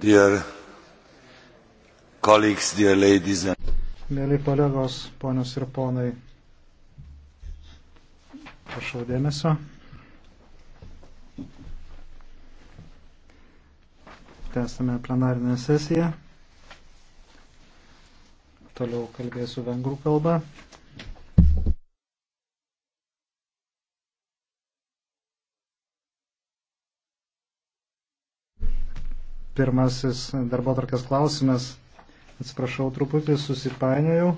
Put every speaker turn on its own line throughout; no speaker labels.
Dear colleagues, dear ladies and
Mėly kolegos, ponios ir ponai, prašau dėmesio. Tęsame plenarinę sesiją. Toliau kalbėsiu vengrų kalbą. Pirmasis darbo tarkės klausimas. Atsiprašau, truputį susipainiojau.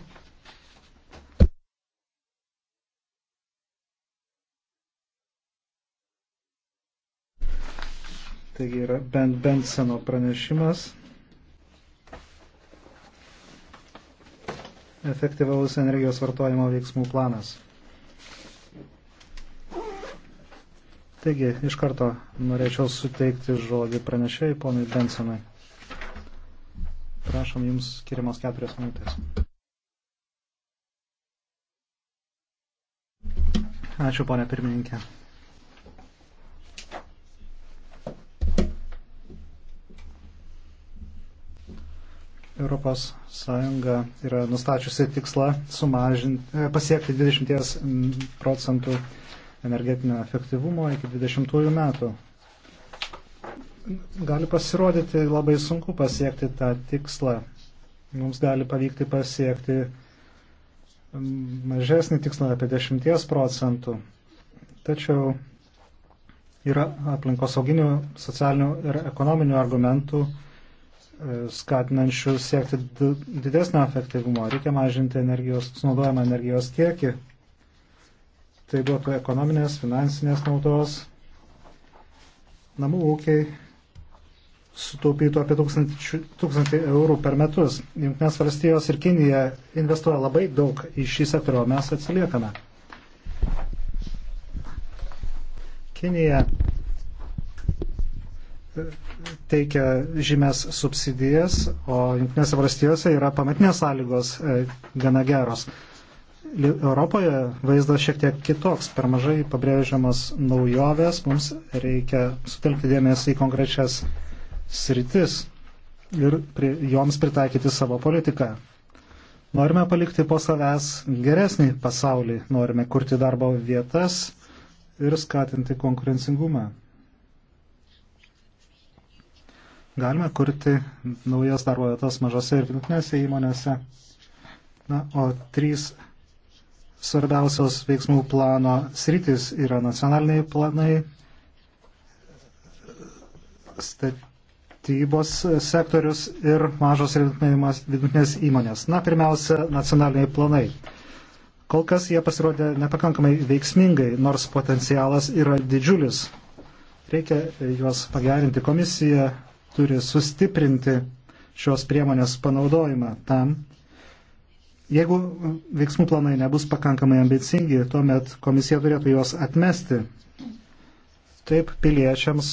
Taigi yra Ben Benseno pranešimas. Efektyvaus energijos vartojimo veiksmų planas. Taigi, iš karto norėčiau suteikti žodį pranešėjai ponui Bensonui. Prašom, jums skiriamos keturios minutės. Ačiū, ponė pirmininkė. Europos Sąjunga yra nustačiusi tikslą sumažinti, e, pasiekti 20 procentų energetinio efektyvumo iki 20 metų. Gali pasirodyti labai sunku pasiekti tą tikslą. Mums gali pavykti pasiekti mažesnį tikslą apie 10 procentų. Tačiau yra aplinkosauginių, socialinių ir ekonominių argumentų e, skatinančių siekti didesnio efektyvumo. Reikia mažinti energijos, sunaudojamą energijos kiekį Tai duotų ekonominės, finansinės naudos. Namų ūkiai sutaupytų apie tūkstantį eurų per metus. Junktinės valstijos ir Kinija investuoja labai daug į šį sektorių, o mes atsiliekame. Kinija e, teikia žymės subsidijas, o Junktinėse valstijose yra pamatinės sąlygos e, gana geros. Europoje vaizdas šiek tiek kitoks, per mažai pabrėžiamas naujovės, mums reikia sutelkti dėmesį į konkrečias sritis ir pri, joms pritaikyti savo politiką. Norime palikti po savęs geresnį pasaulį, norime kurti darbo vietas ir skatinti konkurencingumą. Galime kurti naujas darbo vietas mažose ir vidutinėse įmonėse. Na, o trys svarbiausios veiksmų plano sritis yra nacionaliniai planai, statybos sektorius ir mažos ir vidutinės įmonės. Na, pirmiausia, nacionaliniai planai. Kol kas jie pasirodė nepakankamai veiksmingai, nors potencialas yra didžiulis. Reikia juos pagerinti. Komisija turi sustiprinti šios priemonės panaudojimą tam, Jeigu veiksmų planai nebus pakankamai ambicingi, tuomet komisija turėtų juos atmesti. Taip piliečiams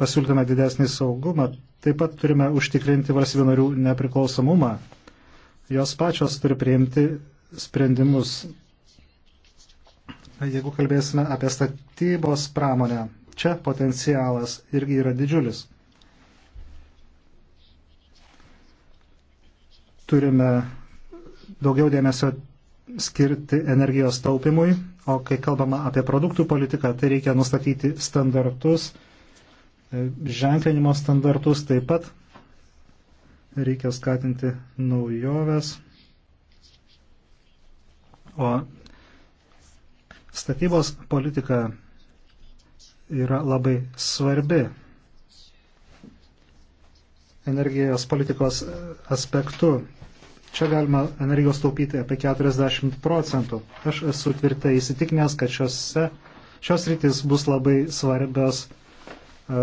pasiūlytume didesnį saugumą, taip pat turime užtikrinti valstybių narių nepriklausomumą. Jos pačios turi priimti sprendimus. Jeigu kalbėsime apie statybos pramonę, čia potencialas irgi yra didžiulis. Turime daugiau dėmesio skirti energijos taupimui, o kai kalbama apie produktų politiką, tai reikia nustatyti standartus, e, ženklinimo standartus taip pat, reikia skatinti naujoves, o statybos politika yra labai svarbi energijos politikos aspektu Čia galima energijos taupyti apie 40 procentų. Aš esu tvirtai įsitikinęs, kad šiose, šios rytis bus labai svarbios uh, e,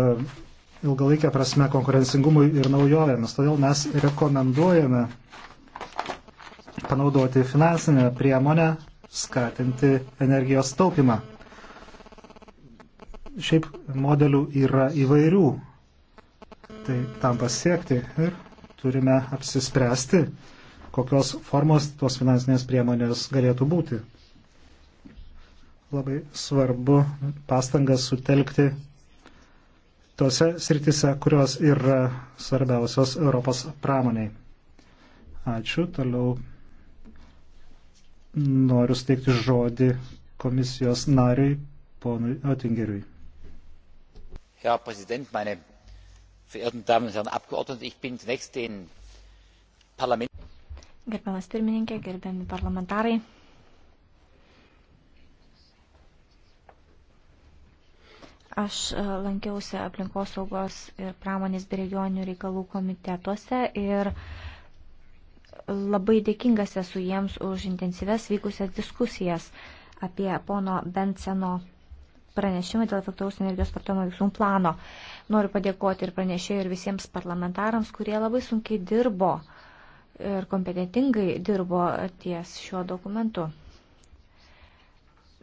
ilgalaikę prasme konkurencingumui ir naujovėmis. Todėl mes rekomenduojame panaudoti finansinę priemonę, skatinti energijos taupimą. Šiaip modelių yra įvairių. Tai tam pasiekti ir turime apsispręsti, kokios formos tos finansinės priemonės galėtų būti. Labai svarbu pastangas sutelkti tose sritise, kurios yra svarbiausios Europos pramoniai. Ačiū. Toliau noriu steikti žodį komisijos nariui, ponui Otingeriui.
Herr Präsident, meine verehrten Damen und Herren Abgeordneten, ich bin zunächst den Parlament.
Gerbiamas
pirmininkė, gerbiami parlamentarai. Aš e, lankiausi aplinkosaugos ir pramonės bei regioninių reikalų komitetuose ir labai dėkingas esu jiems už intensyves vykusias diskusijas apie pono Benseno pranešimą dėl efektyvaus energijos vartojimo veiksmų plano. Noriu padėkoti ir pranešėjai ir visiems parlamentarams, kurie labai sunkiai dirbo uh, ir kompetentingai dirbo ties šiuo dokumentu.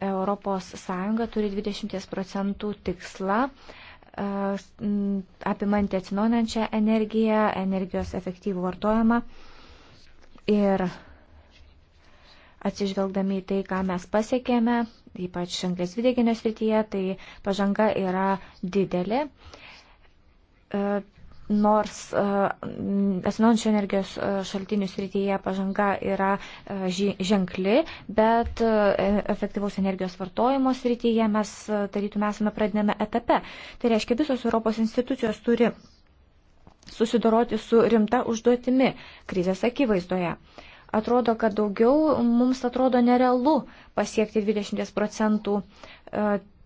Europos Sąjunga turi 20 procentų tikslą e, apimantį atsinaujančią energiją, energijos efektyvų vartojimą ir atsižvelgdami į tai, ką mes pasiekėme, ypač anglės dvideginio srityje, tai pažanga yra didelė. E, nors e, atsinaujančių energijos e, šaltinių srityje pažanga yra e, ženkli, bet efektyvaus energijos vartojimo srityje mes tarytume esame pradinėme etape. Tai reiškia, visos Europos institucijos turi susidoroti su rimta užduotimi krizės akivaizdoje. Atrodo, kad daugiau mums atrodo nerealu pasiekti 20 procentų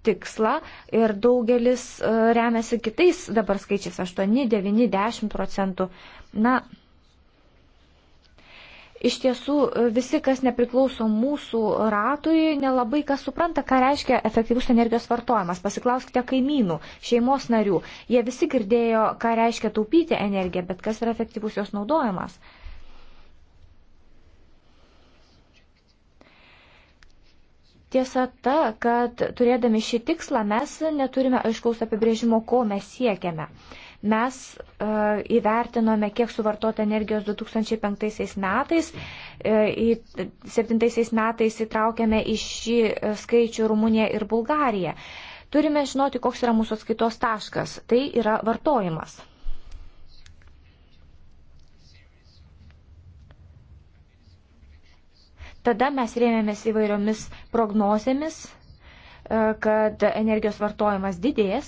tikslą ir daugelis e, remiasi kitais dabar skaičiais 8, 9, 10 procentų. Na, iš tiesų e, visi, kas nepriklauso mūsų ratui, nelabai kas supranta, ką reiškia efektyvus energijos vartojimas. Pasiklauskite kaimynų, šeimos narių. Jie visi girdėjo, ką reiškia taupyti energiją, bet kas yra efektyvus jos naudojimas. Tiesa ta, kad turėdami šį tikslą mes neturime aiškaus apibrėžimo, ko mes siekiame. Mes e, įvertinome, kiek suvartota energijos 2005 metais, e, 2007 metais įtraukėme į šį e, skaičių Rumuniją ir Bulgariją. Turime žinoti, koks yra mūsų atskaitos taškas. Tai yra vartojimas. Tada mes rėmėmės įvairiomis prognozėmis, e, kad energijos vartojimas didės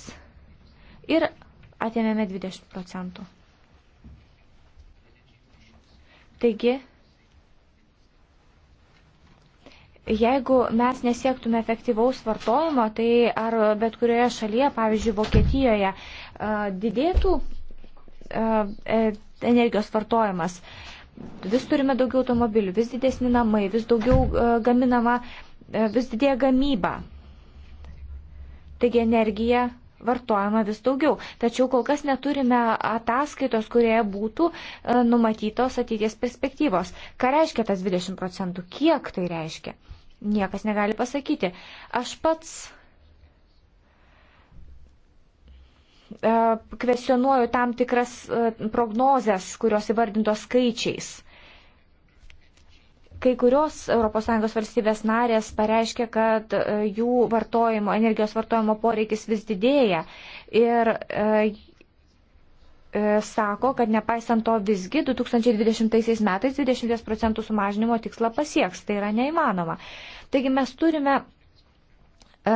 ir atėmėme 20 procentų. Taigi, jeigu mes nesiektume efektyvaus vartojimo, tai ar bet kurioje šalyje, pavyzdžiui, Vokietijoje, e, didėtų e, energijos vartojimas vis turime daugiau automobilių, vis didesni namai, vis daugiau e, gaminama, e, vis didėja gamyba. Taigi energija vartojama vis daugiau. Tačiau kol kas neturime ataskaitos, kurioje būtų e, numatytos ateities perspektyvos. Ką reiškia tas 20 procentų? Kiek tai reiškia? Niekas negali pasakyti. Aš pats E, kvesionuoju tam tikras e, prognozes, kurios įvardintos skaičiais. Kai kurios ES valstybės narės pareiškia, kad e, jų vartojimo, energijos vartojimo poreikis vis didėja ir sako, kad nepaisant to visgi 2020 metais 20 procentų sumažinimo tikslą pasieks. Tai yra neįmanoma. Taigi mes turime E,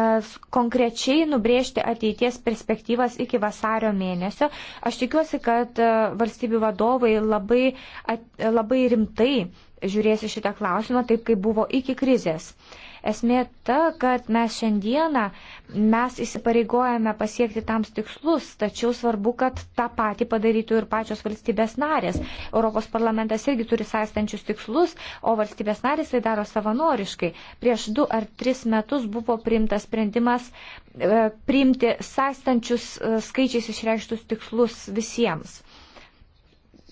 konkrečiai nubrėžti ateities perspektyvas iki vasario mėnesio. Aš tikiuosi, kad e, valstybių vadovai labai, labai rimtai žiūrėsi šitą klausimą, taip kaip buvo iki krizės. Esmė ta, kad mes šiandieną mes įsipareigojame pasiekti tams tikslus, tačiau svarbu, kad tą patį padarytų ir pačios valstybės narės. Europos parlamentas irgi turi saistančius tikslus, o valstybės narės tai daro savanoriškai. Prieš du ar tris metus buvo priimtas sprendimas e, priimti saistančius e, skaičiais išreikštus tikslus visiems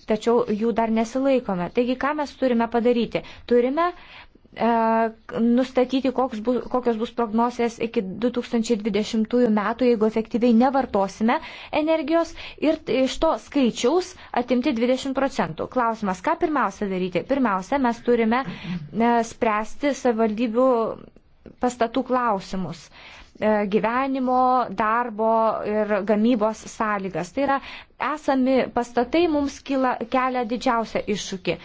tačiau jų dar nesilaikome. Taigi, ką mes turime padaryti? Turime E, nustatyti, bus, kokios bus prognozijas iki 2020 metų, jeigu efektyviai nevartosime energijos ir iš to skaičiaus atimti 20 procentų. Klausimas, ką pirmiausia daryti? Pirmiausia, mes turime e, spręsti savivaldybių pastatų klausimus e, gyvenimo, darbo ir gamybos sąlygas. Tai yra, esami pastatai mums kyla, kelia didžiausią iššūkį.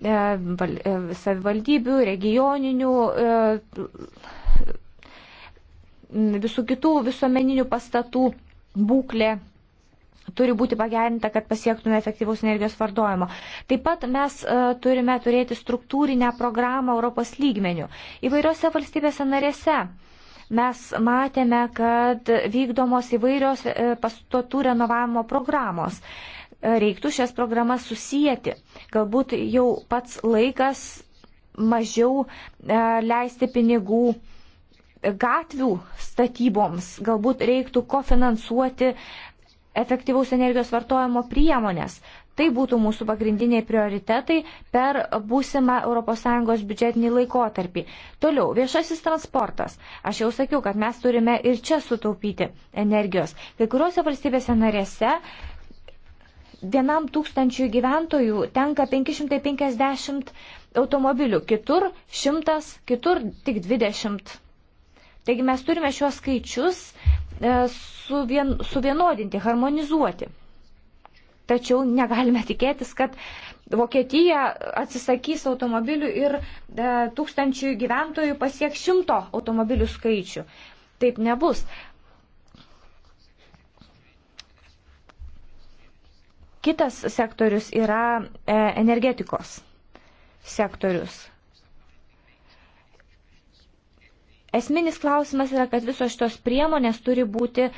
E, e, savivaldybių, regioninių e, visų kitų visuomeninių pastatų būklė turi būti pagerinta, kad pasiektume efektyvaus energijos vardojimo. Taip pat mes uh, turime turėti struktūrinę programą Europos lygmenių įvairiose valstybėse narėse. Mes matėme, kad vykdomos įvairios pastatų renovavimo programos. Uh, reiktų šias programas susijęti. Galbūt jau pats laikas mažiau e, leisti pinigų gatvių statyboms, galbūt reiktų kofinansuoti efektyvaus energijos vartojimo priemonės. Tai būtų mūsų pagrindiniai prioritetai per būsimą ES biudžetinį laikotarpį. Toliau, viešasis transportas. Aš jau sakiau, kad mes turime ir čia sutaupyti energijos. Kai kuriuose valstybėse narėse vienam tūkstančiui gyventojų tenka 550 automobilių, kitur 100, kitur tik 20. Taigi mes turime šiuos skaičius e, suvien, suvienodinti, harmonizuoti. Tačiau negalime tikėtis, kad Vokietija atsisakys automobilių ir e, tūkstančių gyventojų pasieks šimto automobilių skaičių. Taip nebus. Kitas sektorius yra e, energetikos sektorius. Esminis klausimas yra, kad visos šitos priemonės turi būti e,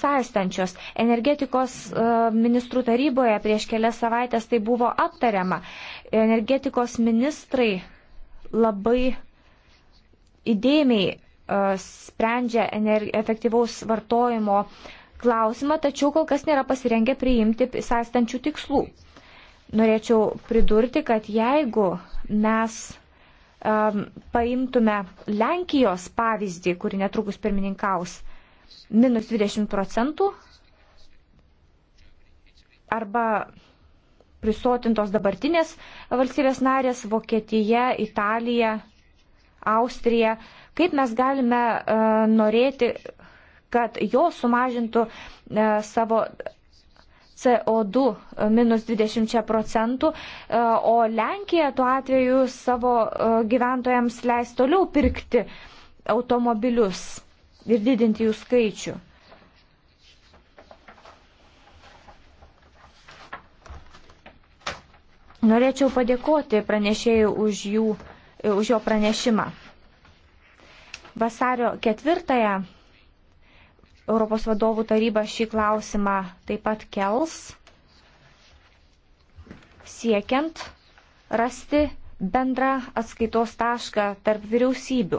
saistančios. Energetikos e, ministrų taryboje prieš kelias savaitės tai buvo aptariama. Energetikos ministrai labai įdėmiai sprendžia efektyvaus vartojimo uh, klausimą, tačiau kol kas nėra pasirengę priimti sąstančių tikslų. Norėčiau pridurti, kad jeigu mes um, paimtume Lenkijos pavyzdį, kuri netrukus pirmininkaus, minus 20 procentų arba prisotintos dabartinės valstybės narės - Vokietija, Italija, Austrija. Kaip mes galime uh, norėti, kad jos sumažintų e, savo CO2 e, minus 20 procentų, e, o Lenkija tuo atveju savo gyventojams leis toliau pirkti automobilius ir didinti jų skaičių. Norėčiau padėkoti pranešėjų už, jų, už jo pranešimą. Vasario ketvirtąją Europos vadovų taryba šį klausimą taip pat kels, siekiant rasti bendrą atskaitos tašką tarp vyriausybių.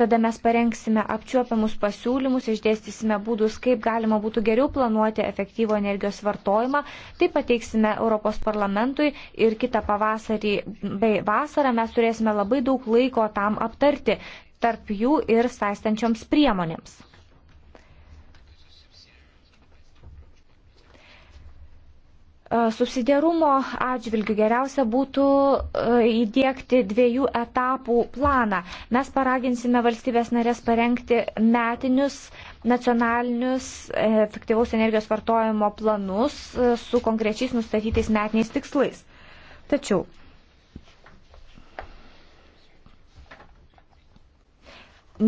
Tada mes parengsime apčiuopiamus pasiūlymus, išdėstysime būdus, kaip galima būtų geriau planuoti efektyvo energijos vartojimą. Tai pateiksime Europos parlamentui ir kitą pavasarį bei vasarą mes turėsime labai daug laiko tam aptarti, tarp jų ir saistančioms priemonėms. E, subsidiarumo atžvilgių geriausia būtų e, įdėkti dviejų etapų planą. Mes paraginsime valstybės narės parengti metinius nacionalinius e, efektyvaus energijos vartojimo planus su konkrečiais nustatytais metiniais tikslais. Tačiau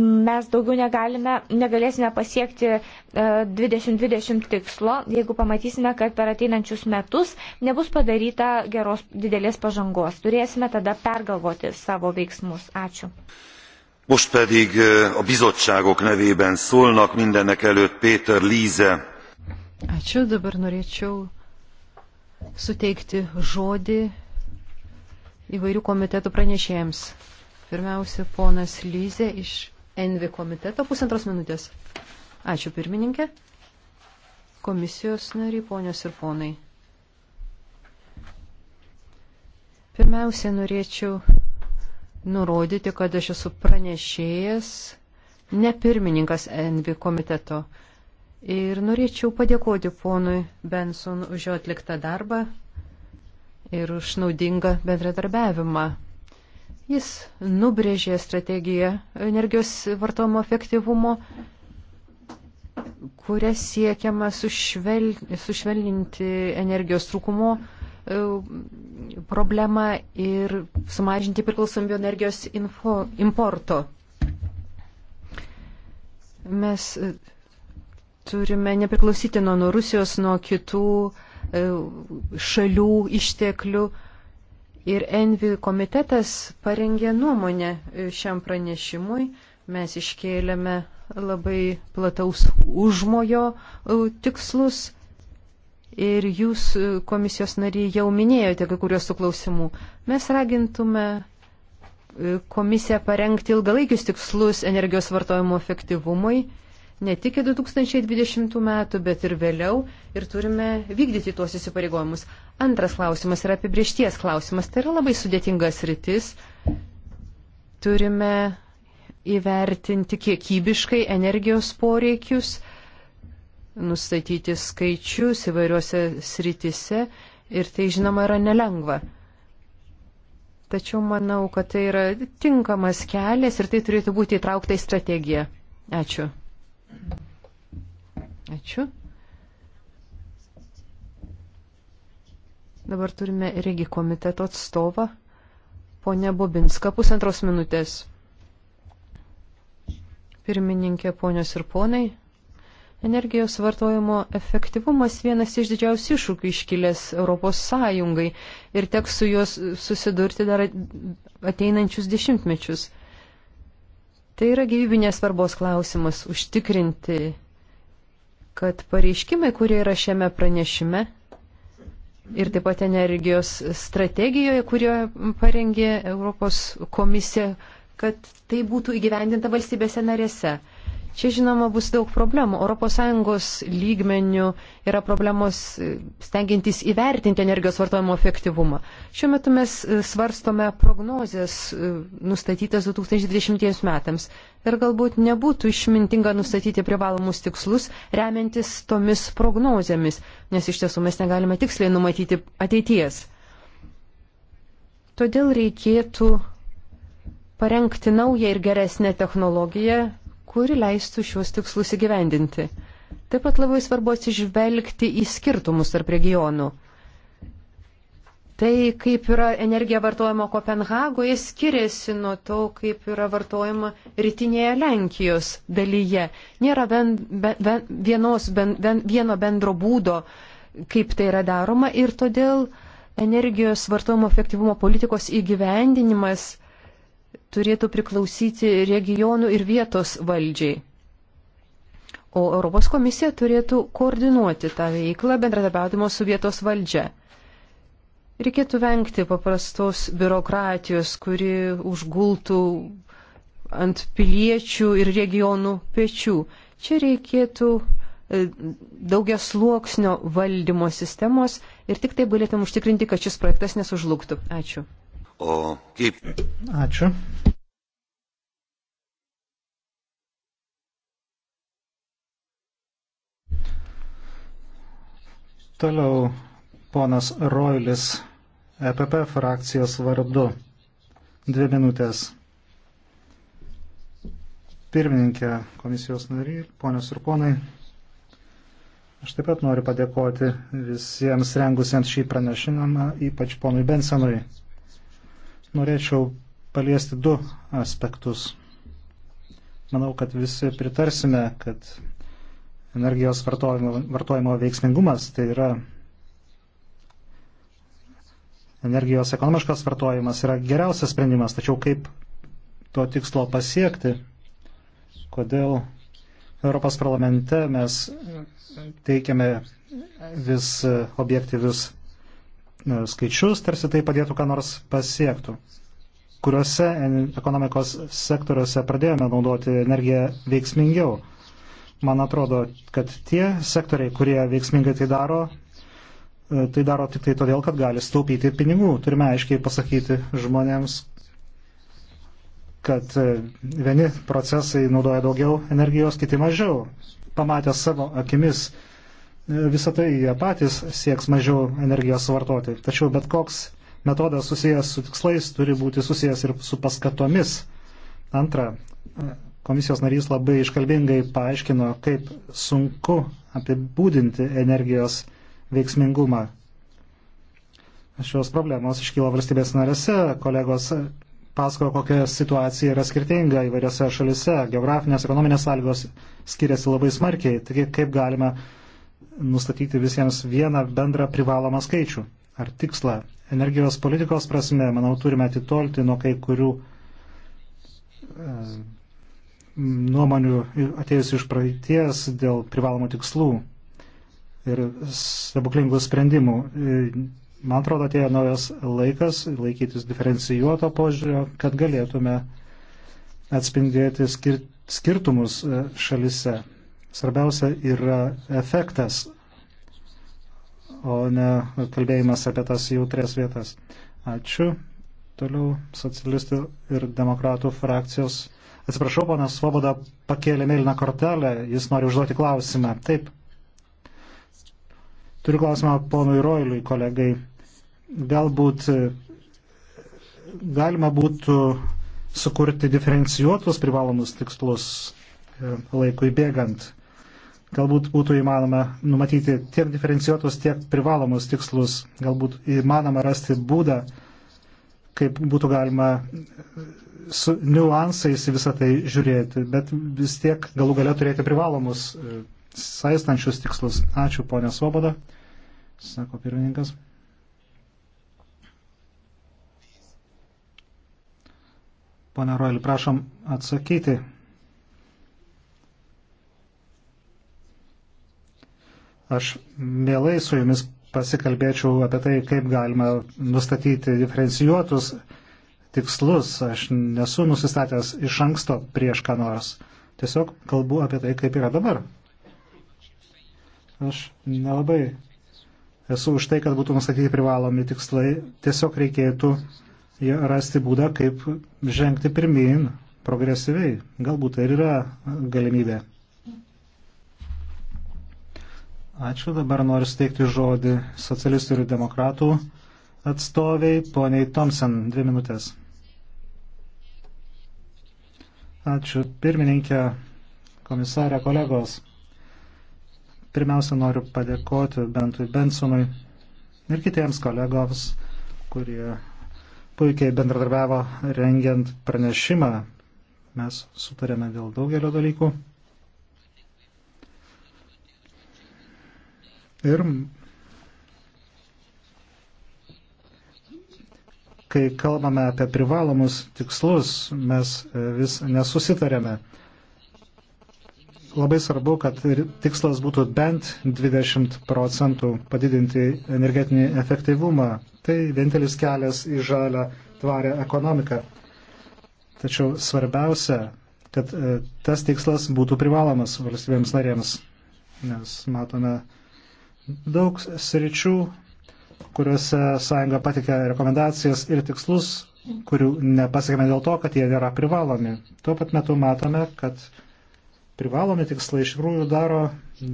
mes daugiau negalime, negalėsime pasiekti 2020 e, tikslo, jeigu pamatysime, kad per ateinančius metus nebus padaryta geros didelės pažangos. Turėsime tada pergalvoti savo veiksmus. Ačiū.
Most pedig e, a bizottságok nevében szólnak mindenek előtt Péter Líze.
Ačiū, dabar norėčiau
suteikti žodį įvairių komitetų pranešėjams. Pirmiausia, ponas Lyze iš Envi komitetą pusantros minutės. Ačiū pirmininkė. Komisijos nariai, ponios ir ponai. Pirmiausia, norėčiau nurodyti, kad aš esu pranešėjas, ne pirmininkas Envi komiteto. Ir norėčiau padėkoti ponui Benson už jo atliktą darbą ir už naudingą bendradarbiavimą. Jis nubrėžė strategiją energijos vartojimo efektyvumo, kuria siekiama sušvel, sušvelninti energijos trūkumo e, problemą ir sumažinti priklausomybę energijos info, importo. Mes e, turime nepriklausyti nuo, nuo Rusijos, nuo kitų e, šalių išteklių Ir Envi komitetas parengė nuomonę e, šiam pranešimui. Mes iškėlėme labai plataus užmojo e, tikslus. Ir jūs, e, komisijos nariai, jau minėjote kai kurios suklausimų. Mes ragintume komisiją parengti ilgalaikius tikslus energijos vartojimo efektyvumui ne tik 2020 metų, bet ir vėliau ir turime vykdyti tuos įsipareigojimus. Antras klausimas yra apibriešties klausimas. Tai yra labai sudėtingas rytis. Turime įvertinti kiekybiškai energijos poreikius, nustatyti skaičius įvairiuose sritise ir tai žinoma yra nelengva. Tačiau manau, kad tai yra tinkamas kelias ir tai turėtų būti įtraukta į strategiją. Ačiū. Ačiū. Dabar turime regi komiteto atstovą, ponę Bobinską, pusantros minutės. Pirmininkė, ponios ir ponai, energijos vartojimo efektyvumas vienas iš didžiausių iššūkių iškilęs Europos Sąjungai ir teks su juos susidurti dar ateinančius dešimtmečius. Tai yra gyvybinės svarbos klausimas užtikrinti, kad pareiškimai, kurie yra šiame pranešime ir taip pat energijos strategijoje, kurie parengė Europos komisija, kad tai būtų įgyvendinta valstybėse narėse. Čia žinoma bus daug problemų. ES lygmenių yra problemos e, stengiantis įvertinti energijos vartojimo efektyvumą. Šiuo metu mes e, svarstome prognozijas e, nustatytas 2020 metams ir galbūt nebūtų išmintinga nustatyti privalomus tikslus remiantis tomis prognozėmis, nes iš tiesų mes negalime tiksliai numatyti ateities. Todėl reikėtų parengti naują ir geresnę technologiją kuri leistų šiuos tikslus įgyvendinti. Taip pat labai svarbu atsižvelgti į skirtumus tarp regionų. Tai, kaip yra energija vartojama Kopenhagoje, skiriasi nuo to, kaip yra vartojama rytinėje Lenkijos dalyje. Nėra ben, ben, vienos, ben, ben, vieno bendro būdo, kaip tai yra daroma ir todėl energijos vartojimo efektyvumo politikos įgyvendinimas turėtų priklausyti regionų ir vietos valdžiai. O Europos komisija turėtų koordinuoti tą veiklą bendradarbiavimo su vietos valdžia. Reikėtų vengti paprastos biurokratijos, kuri užgultų ant piliečių ir regionų pečių. Čia reikėtų e, daugia sluoksnio valdymo sistemos ir tik tai galėtum užtikrinti, kad šis projektas nesužlugtų. Ačiū
o kaip.
Ačiū. Toliau ponas Roilis, EPP frakcijos vardu. Dvi minutės. Pirmininkė komisijos nariai, ponios ir ponai. Aš taip pat noriu padėkoti visiems rengusiems šį pranešimą, ypač ponui Bensenui norėčiau paliesti du aspektus. Manau, kad visi pritarsime, kad energijos vartojimo, vartojimo veiksmingumas tai yra energijos ekonomiškas vartojimas yra geriausias sprendimas, tačiau kaip to tikslo pasiekti, kodėl Europos parlamente mes teikiame vis objektyvius E, skaičius, tarsi tai padėtų ką nors pasiektų. Kuriuose ekonomikos sektoriuose pradėjome naudoti energiją veiksmingiau. Man atrodo, kad tie sektoriai, kurie veiksmingai tai daro, e, tai daro tik tai todėl, kad gali staupyti pinigų. Turime aiškiai pasakyti žmonėms, kad e, vieni procesai naudoja daugiau energijos, kiti mažiau. Pamatę savo akimis visą tai jie patys sieks mažiau energijos vartoti. Tačiau bet koks metodas susijęs su tikslais turi būti susijęs ir su paskatomis. Antra, komisijos narys labai iškalbingai paaiškino, kaip sunku apibūdinti energijos veiksmingumą. Šios problemos iškyla valstybės narėse, kolegos pasako, kokia situacija yra skirtinga įvairiose šalise, geografinės, ekonominės sąlygos skiriasi labai smarkiai, taigi kaip galime uh, nustatyti visiems vieną bendrą privalomą skaičių ar tikslą. Energijos politikos prasme, manau, turime atitolti nuo kai kurių e, nuomonių atėjusių iš praeities dėl privalomų tikslų ir stebuklingų sprendimų. E, man atrodo, atėjo naujas laikas laikytis diferencijuoto požiūrio, kad galėtume atspindėti skirtumus e, šalise. Svarbiausia yra efektas, o ne kalbėjimas apie tas jautrės vietas. Ačiū. Toliau socialistų ir demokratų frakcijos. Atsiprašau, ponas Svoboda pakėlė mėlyną kortelę, jis nori užduoti klausimą. Taip. Turiu klausimą ponui Roiliui, kolegai. Galbūt galima būtų sukurti diferencijuotus privalomus tikslus e, laikui bėgant Galbūt būtų įmanoma numatyti tiek diferencijuotus, tiek privalomus tikslus. Galbūt įmanoma rasti būdą, kaip būtų galima su niuansais visą tai žiūrėti, bet vis tiek galų galia turėti privalomus e, saistančius tikslus. Ačiū, ponė Svoboda, sako pirmininkas. Pane Roil, prašom atsakyti. Aš mielai su jumis pasikalbėčiau apie tai, kaip galima nustatyti diferencijuotus tikslus. Aš nesu nusistatęs iš anksto prieš ką nors. Tiesiog kalbu apie tai, kaip yra dabar. Aš nelabai esu už tai, kad būtų nustatyti privalomi tikslai. Tiesiog reikėtų rasti būdą, kaip žengti pirmyn progresyviai. Galbūt tai ir yra galimybė. Ačiū. Dabar noriu steigti žodį socialistų ir demokratų atstoviai, poniai Thompson, dvi minutės. Ačiū pirmininkė, komisarė, kolegos. Pirmiausia, noriu padėkoti Bentui Bensonui ir kitiems kolegoms, kurie puikiai bendradarbiavo rengiant pranešimą. Mes sutarėme dėl daugelio dalykų. Ir kai kalbame apie privalomus tikslus, mes e, vis nesusitarėme. Labai svarbu, kad tikslas būtų bent 20 procentų padidinti energetinį efektyvumą. Tai vienintelis kelias į žalę tvarę ekonomiką. Tačiau svarbiausia, kad e, tas tikslas būtų privalomas valstybėms narėms, nes matome Daug sričių, kuriuose sąjunga patikė rekomendacijas ir tikslus, kurių nepasiekėme dėl to, kad jie yra privalomi. Tuo pat metu matome, kad privalomi tikslai iš tikrųjų daro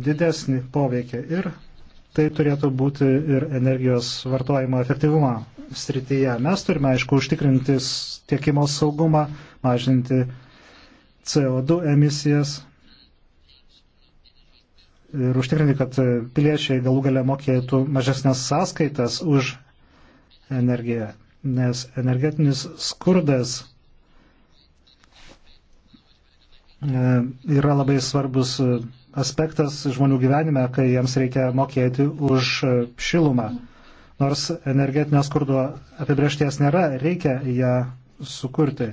didesnį poveikį ir tai turėtų būti ir energijos vartojimo efektyvumo srityje. Mes turime, aišku, užtikrinti tiekimo saugumą, mažinti CO2 emisijas ir užtikrinti, kad piliečiai galų gale mokėtų mažesnės sąskaitas už energiją, nes energetinis skurdas e, yra labai svarbus e, aspektas žmonių gyvenime, kai jiems reikia mokėti už šilumą. Nors energetinio skurdo apibriešties nėra, reikia ją sukurti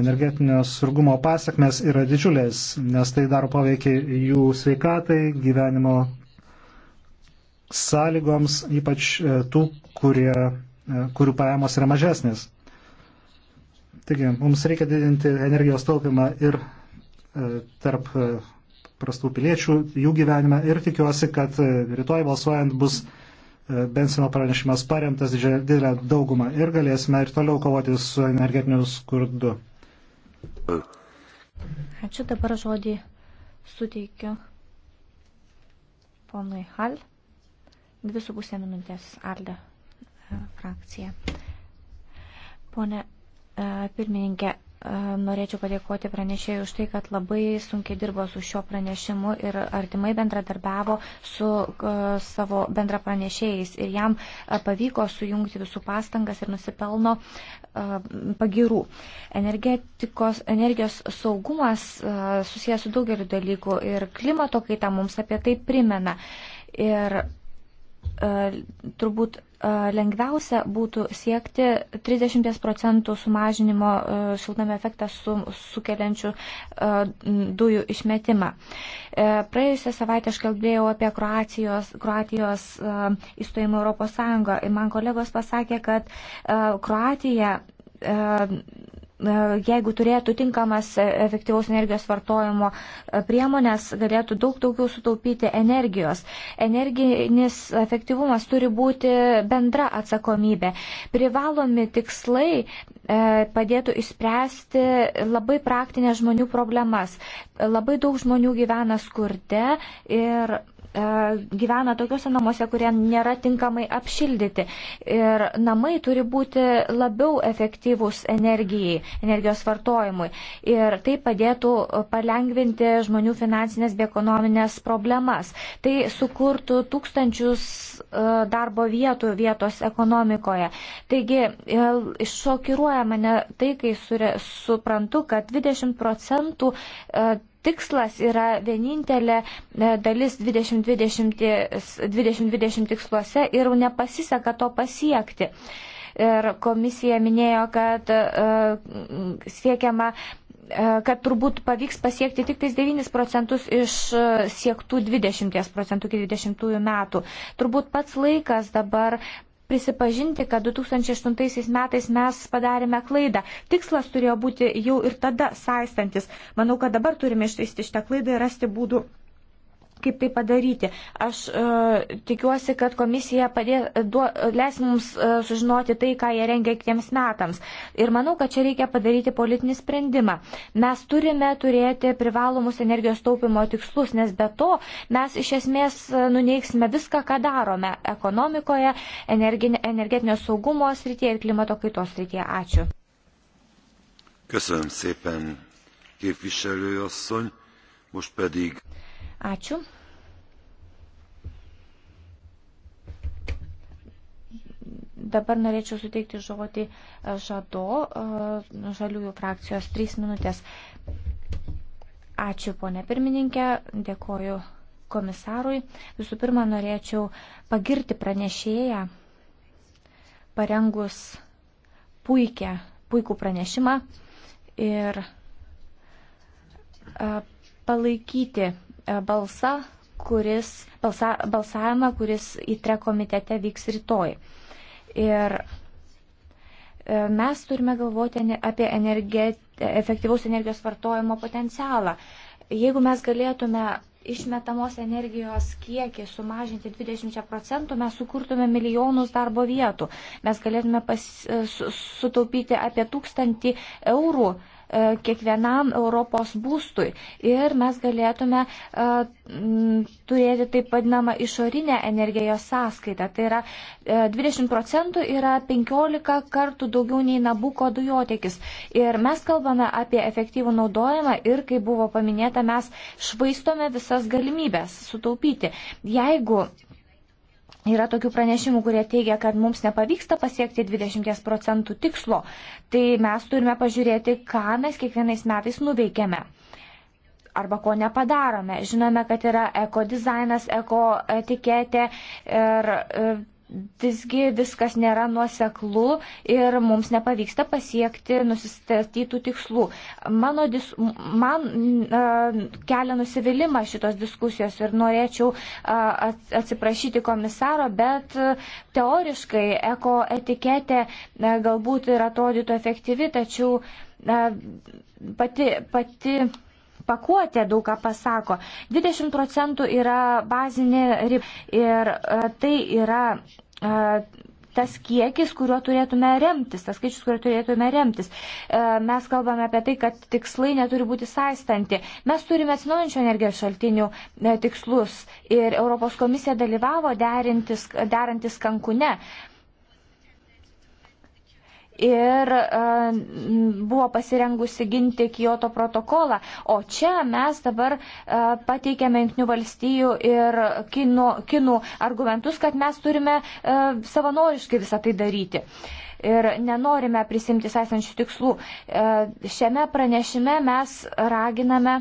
energetinio surgumo pasiekmes yra didžiulės, nes tai daro poveikį jų sveikatai, gyvenimo sąlygoms, ypač e, tų, kurie, e, kurių pajamos yra mažesnės. Taigi, mums reikia didinti energijos taupimą ir e, tarp prastų piliečių, jų gyvenime ir tikiuosi, kad rytoj balsuojant bus Bensino pranešimas paremtas didelę daugumą ir galėsime ir toliau kovoti su energetiniu skurdu.
Ačiū dabar žodį suteikiu ponui Hal. Dvi su pusė minutės Alde e, frakcija. Pone e, pirmininkė, Norėčiau padėkoti pranešėjui už tai, kad labai sunkiai dirbo su šio pranešimu ir artimai bendradarbiavo su e, savo bendrapranešėjais. Ir jam e, pavyko sujungti visų pastangas ir nusipelno e, pagirų. Energijos saugumas susijęs su daugeliu dalykų ir klimato kaita mums apie tai primena. Ir E, turbūt e, lengviausia būtų siekti 30 procentų sumažinimo e, šiltame efektą su, sukeliančių dujų išmetimą. Praėjusią savaitę aš kalbėjau apie Kroatijos, Kroatijos įstojimą Europos Sąjungą ir man kolegos pasakė, kad Kroatija E, jeigu turėtų tinkamas e, efektyvaus energijos vartojimo e, priemonės, galėtų daug daugiau sutaupyti energijos. Energinis efektyvumas turi būti bendra atsakomybė. Privalomi tikslai padėtų išspręsti labai praktinės žmonių problemas. Labai daug žmonių gyvena skurde ir E, gyvena tokiuose namuose, kurie nėra tinkamai apšildyti. Ir namai turi būti labiau efektyvūs energijai, energijos vartojimui. Ir tai padėtų palengvinti žmonių finansinės bei ekonominės problemas. Tai sukurtų tūkstančius e, darbo vietų vietos ekonomikoje. Taigi, e, šokiruoja mane tai, kai suprantu, kad 20 procentų tikslas yra vienintelė e, dalis 2020, 2020 tiksluose ir nepasiseka to pasiekti. Ir komisija minėjo, kad e, siekiama e, kad turbūt pavyks pasiekti tik tais 9 procentus iš siektų 20 procentų iki 20 metų. Turbūt pats laikas dabar prisipažinti, kad 2008 metais mes padarėme klaidą. Tikslas turėjo būti jau ir tada saistantis. Manau, kad dabar turime ištaisyti šitą klaidą ir rasti būdų kaip tai padaryti. Aš e, tikiuosi, kad komisija padė, duo, leis mums e, sužinoti tai, ką jie rengia kitiems metams. Ir manau, kad čia reikia padaryti politinį sprendimą. Mes turime turėti privalomus energijos taupimo tikslus, nes be to mes iš esmės e, nuneiksime viską, ką darome ekonomikoje, energetinio saugumo srityje ir klimato kaitos srityje. Ačiū.
Köszönöm szépen, képviselő asszony. Most pedig.
Ačiū. Dabar norėčiau suteikti žodį e, Žado, e, Žaliųjų frakcijos, trys minutės. Ačiū, ponė pirmininkė, dėkoju komisarui. Visų pirma, norėčiau pagirti pranešėją, parengus puikia, puikų pranešimą ir e, palaikyti balsą, kuris, balsa, balsavimą, kuris įtre komitete vyks rytoj. Ir e, mes turime galvoti apie energet, efektyvaus energijos vartojimo potencialą. Jeigu mes galėtume išmetamos energijos kiekį sumažinti 20 procentų, mes sukurtume milijonus darbo vietų. Mes galėtume pas, e, su, sutaupyti apie tūkstantį eurų E, kiekvienam Europos būstui. Ir mes galėtume e, turėti taip vadinamą išorinę energijos sąskaitą. Tai yra 20 e, procentų yra 15 kartų daugiau nei Nabuko dujotekis. Ir mes kalbame apie efektyvų naudojimą ir, kaip buvo paminėta, mes švaistome visas galimybės sutaupyti. Jeigu Yra tokių pranešimų, kurie teigia, kad mums nepavyksta pasiekti 20 procentų tikslo. Tai mes turime pažiūrėti, ką mes kiekvienais metais nuveikėme arba ko nepadarome. Žinome, kad yra eko dizainas, eko etiketė ir e, visgi viskas nėra nuoseklu ir mums nepavyksta pasiekti nusistatytų tikslų. Mano dis, man uh, kelia nusivylimą šitos diskusijos ir norėčiau uh, atsiprašyti komisaro, bet uh, teoriškai eko etiketė uh, galbūt ir atrodytų efektyvi, tačiau uh, pati, pati pakuotė daug ką pasako. 20 procentų yra bazinė riba ir e, tai yra e, tas kiekis, kuriuo turėtume remtis, tas skaičius, kuriuo turėtume remtis. E, mes kalbame apie tai, kad tikslai neturi būti saistanti. Mes turime atsinaujančio energijos šaltinių tikslus ir Europos komisija dalyvavo derantis Kankune ir e, buvo pasirengusi ginti Kyoto protokolą. O čia mes dabar e, pateikėme Junktinių valstijų ir kinų, kinų argumentus, kad mes turime e, savanoriškai visą tai daryti. Ir nenorime prisimti esančių tikslų. Šiame pranešime mes raginame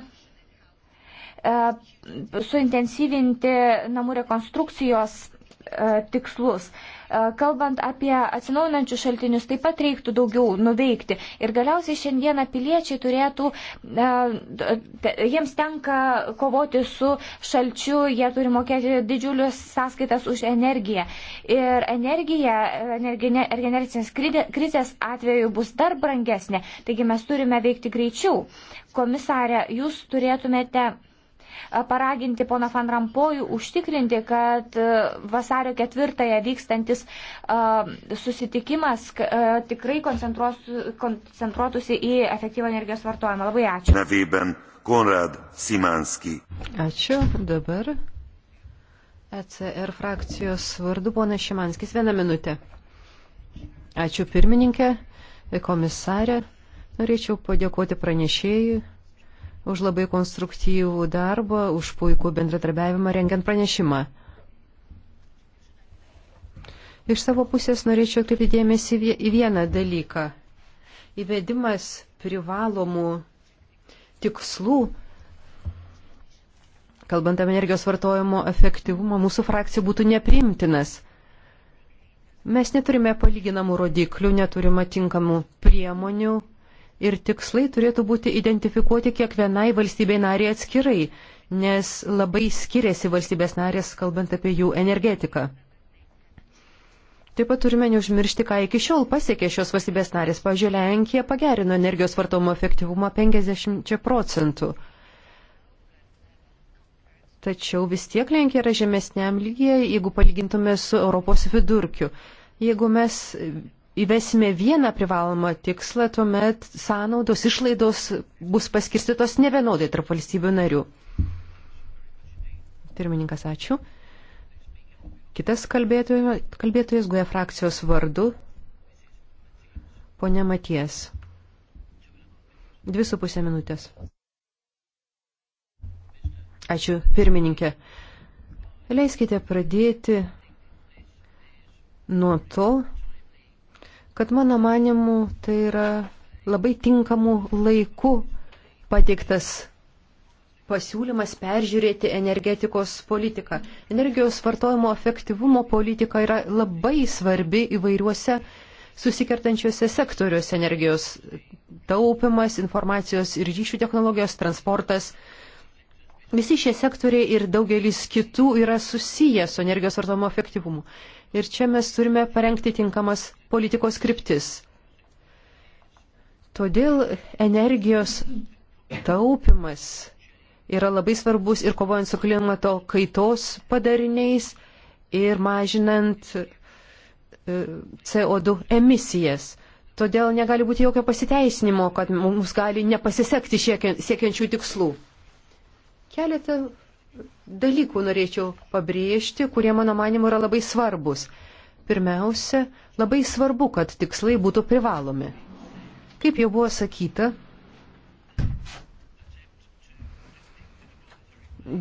suintensyvinti namų rekonstrukcijos tikslus. Kalbant apie atsinaujinančius šaltinius, taip pat reiktų daugiau nuveikti. Ir galiausiai šiandieną piliečiai turėtų, jiems tenka kovoti su šalčiu, jie turi mokėti didžiulius sąskaitas už energiją. Ir energija, energetinės krizės atveju bus dar brangesnė. Taigi mes turime veikti greičiau. Komisarė, jūs turėtumėte paraginti pono Van Rampojų užtikrinti, kad e, vasario ketvirtąją vykstantis e, susitikimas e, tikrai koncentruotųsi į efektyvą energijos vartojimą. Labai ačiū.
Nevybėm. Konrad Simanski.
Ačiū. Dabar
ECR frakcijos vardu
ponas Šimanskis. Vieną minutę. Ačiū pirmininkė, komisarė. Norėčiau padėkoti pranešėjui už labai konstruktyvų darbą, už puikų bendradarbiavimą rengiant pranešimą. Iš savo pusės norėčiau atkreipti dėmesį į vieną dalyką. Įvedimas privalomų tikslų, kalbant apie energijos vartojimo efektyvumą, mūsų frakcija būtų neprimtinas. Mes neturime palyginamų rodiklių, neturime tinkamų priemonių, ir tikslai turėtų būti identifikuoti kiekvienai valstybei nariai atskirai, nes labai skiriasi valstybės narės, kalbant apie jų energetiką. Taip pat turime neužmiršti, ką iki šiol pasiekė šios valstybės narės. Pavyzdžiui, Lenkija pagerino energijos vartojimo efektyvumą 50 procentų. Tačiau vis tiek Lenkija yra žemesniam lygiai, jeigu palygintume su Europos vidurkiu. Jeigu mes įvesime vieną privalomą tikslą, tuomet sąnaudos išlaidos bus paskirstytos nevienodai tarp valstybių narių. Pirmininkas, ačiū. Kitas kalbėtojas, kalbėtojas Guja frakcijos vardu, ponia Maties. Dvi su pusė minutės. Ačiū, pirmininkė. Leiskite pradėti nuo to, kad mano manimu tai yra labai tinkamų laikų pateiktas pasiūlymas peržiūrėti energetikos politiką. Energijos vartojimo efektyvumo politika yra labai svarbi įvairiuose susikertančiuose sektoriuose - energijos taupimas, informacijos ir ryšių technologijos, transportas. Visi šie sektoriai ir daugelis kitų yra susiję su energijos vartojimo efektyvumu. Ir čia mes turime parengti tinkamas politikos kryptis. Todėl energijos taupimas yra labai svarbus ir kovojant su klimato kaitos padariniais ir mažinant e, CO2 emisijas. Todėl negali būti jokio pasiteisinimo, kad mums gali nepasisekti siekiančių tikslų. Keletą dalykų norėčiau pabrėžti, kurie mano manimu yra labai svarbus. Pirmiausia, labai svarbu, kad tikslai būtų privalomi. Kaip jau buvo sakyta,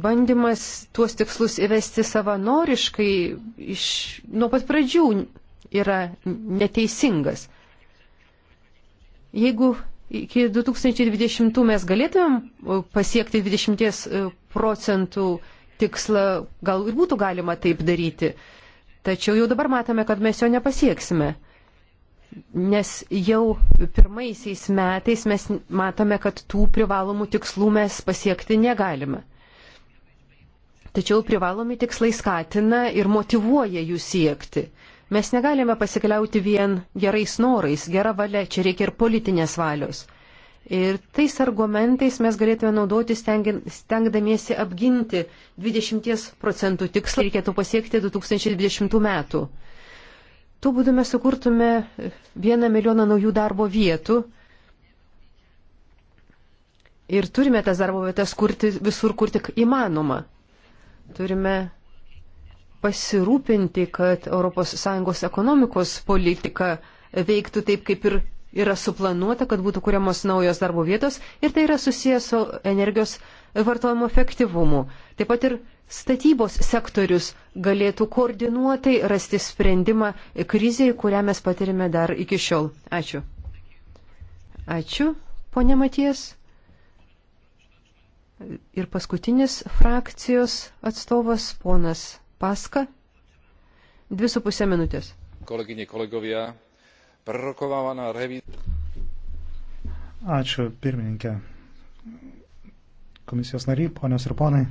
bandymas tuos tikslus įvesti savanoriškai iš nuo pat pradžių yra neteisingas. Jeigu iki 2020 mes galėtumėm e, pasiekti 20 e, procentų tikslą, gal ir būtų galima taip daryti. Tačiau jau dabar matome, kad mes jo nepasieksime. Nes jau pirmaisiais metais mes matome, kad tų privalomų tikslų mes pasiekti negalime. Tačiau privalomi tikslai skatina ir motivuoja jų siekti. Mes negalime pasikliauti vien gerais norais, gera valia, čia reikia ir politinės valios. Ir tais argumentais mes galėtume naudoti stengdamiesi apginti 20 procentų tikslą, reikėtų pasiekti 2020 metų. Tuo būdu mes sukurtume vieną milijoną naujų darbo vietų ir turime tas darbo vietas kurti visur, kur tik įmanoma. Turime pasirūpinti, kad ES ekonomikos politika veiktų taip, kaip ir yra suplanuota, kad būtų kuriamos naujos darbo vietos ir tai yra susijęs su energijos vartojimo efektyvumu. Taip pat ir statybos sektorius galėtų koordinuotai rasti sprendimą kriziai, kurią mes patirime dar iki šiol. Ačiū. Ačiū, ponė Maties. Ir paskutinis frakcijos atstovas, ponas Paska. Dvi su
pusė minutės. Kolegyne, kolegovia, prerokovávaná revízia. Ačiū, pirmininkė. Komisijos nariai, ponios ir ponai.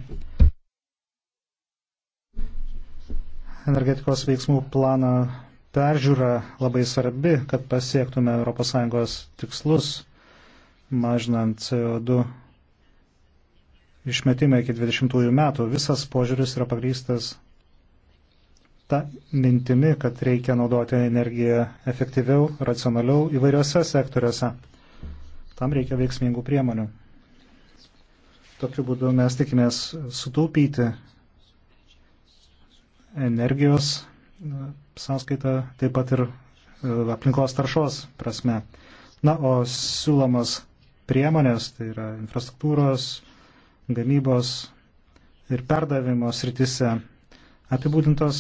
Energetikos veiksmų plano peržiūra labai svarbi, kad pasiektume ES tikslus, mažinant CO2 išmetimą iki 20 metų. Visas požiūris yra pagrystas ta mintimi, kad reikia naudoti energiją efektyviau, racionaliau įvairiose sektoriuose. Tam reikia veiksmingų priemonių. Tokiu būdu mes tikimės sutaupyti energijos sąskaitą, taip pat ir e, aplinkos taršos prasme. Na, o siūlomas priemonės, tai yra infrastruktūros, gamybos ir perdavimo sritise apibūdintos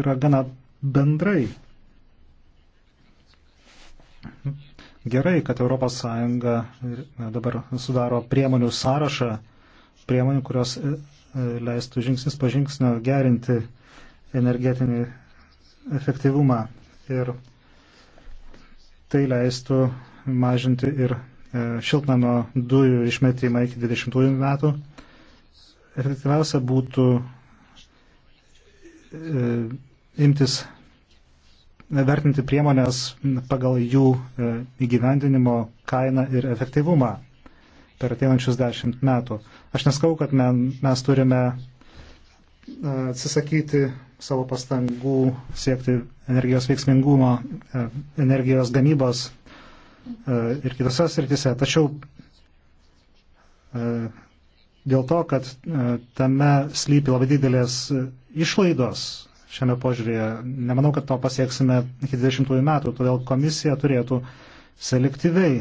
yra gana bendrai. Gerai, kad ES dabar sudaro priemonių sąrašą, priemonių, kurios e, e, leistų žingsnis po žingsnio gerinti energetinį efektyvumą ir tai leistų mažinti ir e, šiltnamio dujų išmetimą iki 20 metų. Efektyviausia būtų E, imtis vertinti priemonės pagal jų e, įgyvendinimo kainą ir efektyvumą per ateinančius dešimt metų. Aš neskau, kad men, mes turime e, atsisakyti savo pastangų siekti energijos veiksmingumo, energijos gamybos ir kitose srityse. Tačiau dėl to, kad e, tame slypi labai didelės e, išlaidos šiame požiūrėje. Nemanau, kad to pasieksime iki 20 metų, todėl komisija turėtų selektyviai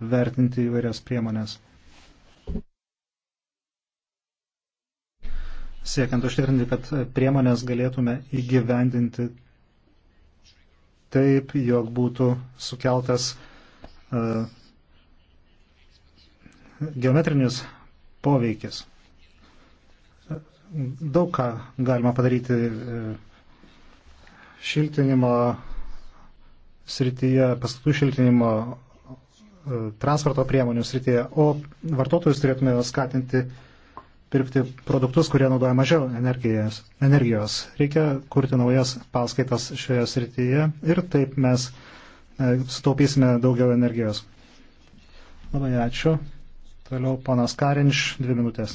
vertinti įvairias priemonės. Siekiant užtikrinti, kad priemonės galėtume įgyvendinti taip, jog būtų sukeltas uh, geometrinis poveikis. Daug ką galima padaryti e, šiltinimo srityje, pastatų šiltinimo e, transporto priemonių srityje, o vartotojus turėtume skatinti pirkti produktus, kurie naudoja mažiau energijos. energijos. Reikia kurti naujas paskaitas šioje srityje ir taip mes e, sutaupysime daugiau energijos. Labai ačiū. Toliau ponas Karinš, dvi minutės.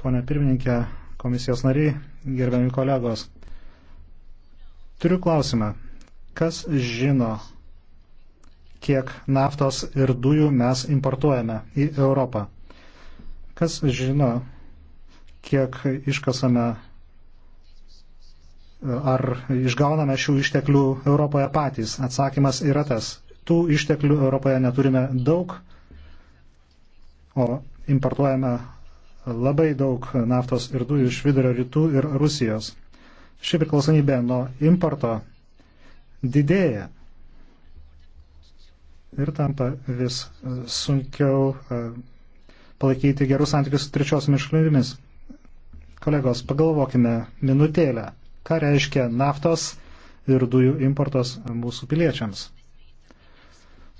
Pone pirmininkė, komisijos nariai, gerbiami kolegos. Turiu klausimą. Kas žino, kiek naftos ir dujų mes importuojame į Europą? Kas žino, kiek iškasame ar išgauname šių išteklių Europoje patys? Atsakymas yra tas tų išteklių Europoje neturime daug, o importuojame labai daug naftos ir dujų iš vidurio rytų ir Rusijos. Ši priklausomybė nuo importo didėja ir tampa vis sunkiau e, palaikyti gerus santykius su trečiosiomis šalimis. Kolegos, pagalvokime minutėlę, ką reiškia naftos ir dujų importas mūsų piliečiams.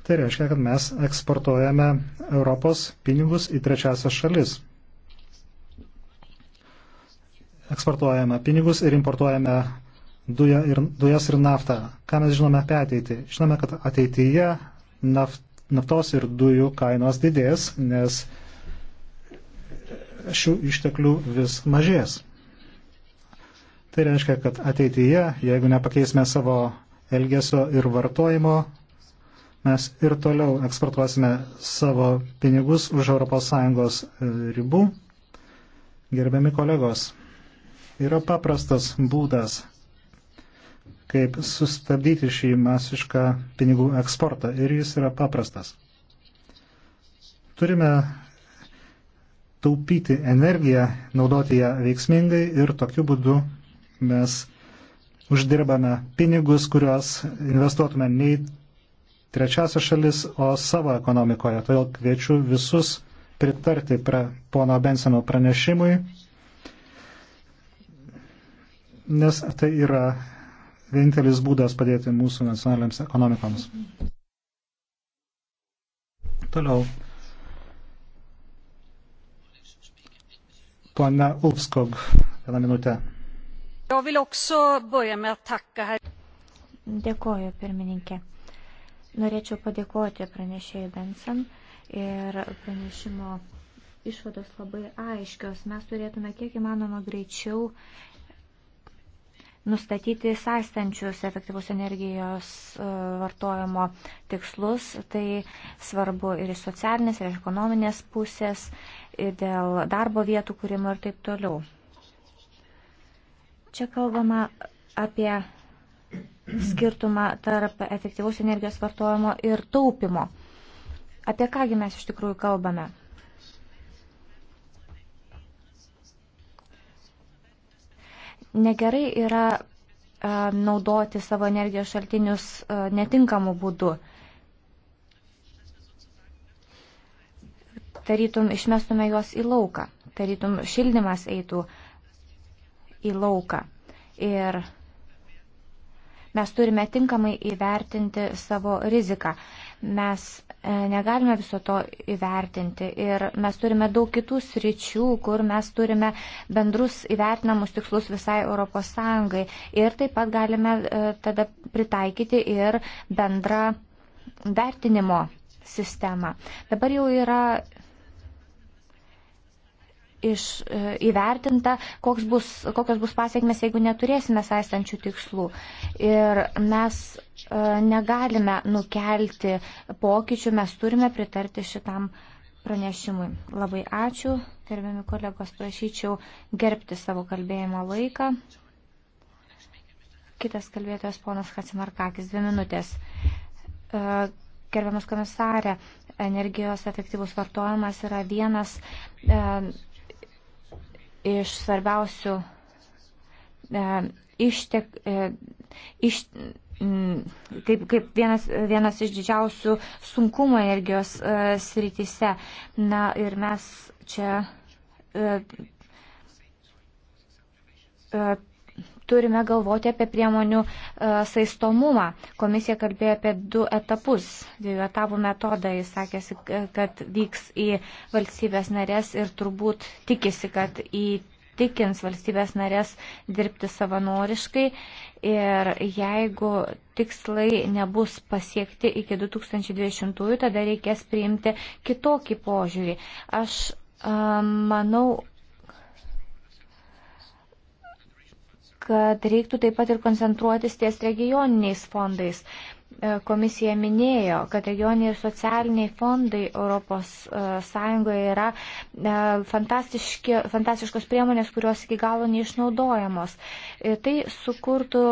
Tai reiškia, kad mes eksportuojame Europos pinigus į trečiasias šalis. Eksportuojame pinigus ir importuojame duja ir, dujas ir naftą. Ką mes žinome apie ateitį? Žinome, kad ateityje naft, naftos ir dujų kainos didės, nes šių išteklių vis mažės. Tai reiškia, kad ateityje, jeigu nepakeisime savo elgesio ir vartojimo mes ir toliau eksportuosime savo pinigus už ES e, ribų. Gerbiami kolegos, yra paprastas būdas, kaip sustabdyti šį masišką pinigų eksportą ir jis yra paprastas. Turime taupyti energiją, naudoti ją veiksmingai ir tokiu būdu mes uždirbame pinigus, kuriuos investuotume nei trečiasias šalis, o savo ekonomikoje. Todėl kviečiu visus pritarti pra, pono Benseno pranešimui, nes tai yra vienintelis būdas padėti mūsų nacionaliniams ekonomikoms. Toliau. Pone Ulfskog, vieną minutę.
Dėkoju, pirmininkė. Norėčiau padėkoti pranešėjai Benson ir pranešimo išvados labai aiškios. Mes turėtume kiek įmanoma greičiau nustatyti sąstančius efektyvus energijos e, vartojimo tikslus. Tai svarbu ir iš socialinės, ir iš ekonominės pusės, ir dėl darbo vietų kūrimo ir taip toliau. Čia kalbama apie skirtumą tarp efektyvaus energijos vartojimo ir taupimo. Apie kągi mes iš tikrųjų kalbame? Negerai yra naudoti savo energijos šaltinius netinkamų būdų. Tarytum išmestume juos į lauką, tarytum šildymas eitų į lauką. Ir Mes turime tinkamai įvertinti savo riziką. Mes e, negalime viso to įvertinti ir mes turime daug kitų sričių, kur mes turime bendrus įvertinamus tikslus visai ES ir taip pat galime e, tada pritaikyti ir bendrą vertinimo sistemą. Dabar jau yra iš, e, įvertinta, bus, kokios bus pasiekmes, jeigu neturėsime saistančių tikslų. Ir mes e, negalime nukelti pokyčių, mes turime pritarti šitam pranešimui. Labai ačiū, gerbiami kolegos, prašyčiau gerbti savo kalbėjimo laiką. Kitas kalbėtojas ponas Hatsimarkakis, dvi minutės. E, gerbiamas komisarė, energijos efektyvus vartojimas yra vienas. E, iš svarbiausių e, ištek, e, iš, m, kaip, kaip vienas, vienas iš didžiausių sunkumų energijos e, srityse. Na ir mes čia. E, e, turime galvoti apie priemonių e, saistomumą. Komisija kalbėjo apie du etapus, dviejų etapų metodą. Jis sakėsi, e, kad vyks į valstybės narės ir turbūt tikisi, kad į tikins valstybės narės dirbti savanoriškai ir jeigu tikslai nebus pasiekti iki 2020, tada reikės priimti kitokį požiūrį. Aš e, manau, kad reiktų taip pat ir koncentruotis ties regioniniais fondais. E, komisija minėjo, kad regioniniai ir socialiniai fondai ES e, yra e, fantastiškos priemonės, kurios iki galo neišnaudojamos. Tai sukurtų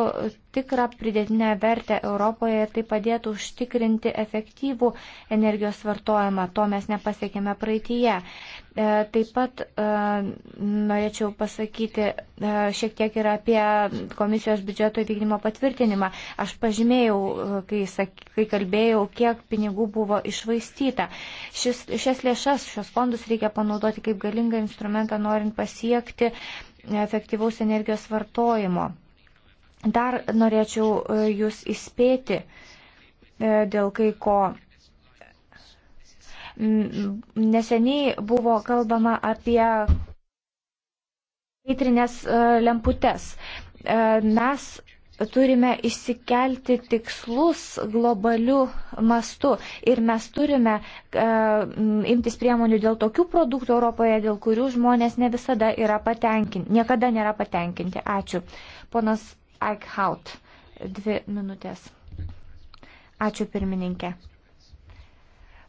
tikrą pridėtinę vertę Europoje ir tai padėtų užtikrinti efektyvų energijos vartojimą. To mes nepasiekėme praeitįje. E, taip pat e, norėčiau pasakyti e, šiek tiek ir apie komisijos biudžeto įvykdymo patvirtinimą. Aš pažymėjau, kai, kai kalbėjau, kiek pinigų buvo išvaistyta. Šis, šias lėšas, šios fondus reikia panaudoti kaip galingą instrumentą, norint pasiekti efektyvaus energijos vartojimo. Dar norėčiau jūs įspėti dėl kai ko Neseniai buvo kalbama apie kaitrinės e, lemputes. E, mes turime išsikelti tikslus globalių mastų ir mes turime e, imtis priemonių dėl tokių produktų Europoje, dėl kurių žmonės ne visada yra patenkinti, niekada nėra patenkinti. Ačiū. Ponas Eichhaut, dvi minutės. Ačiū pirmininkė.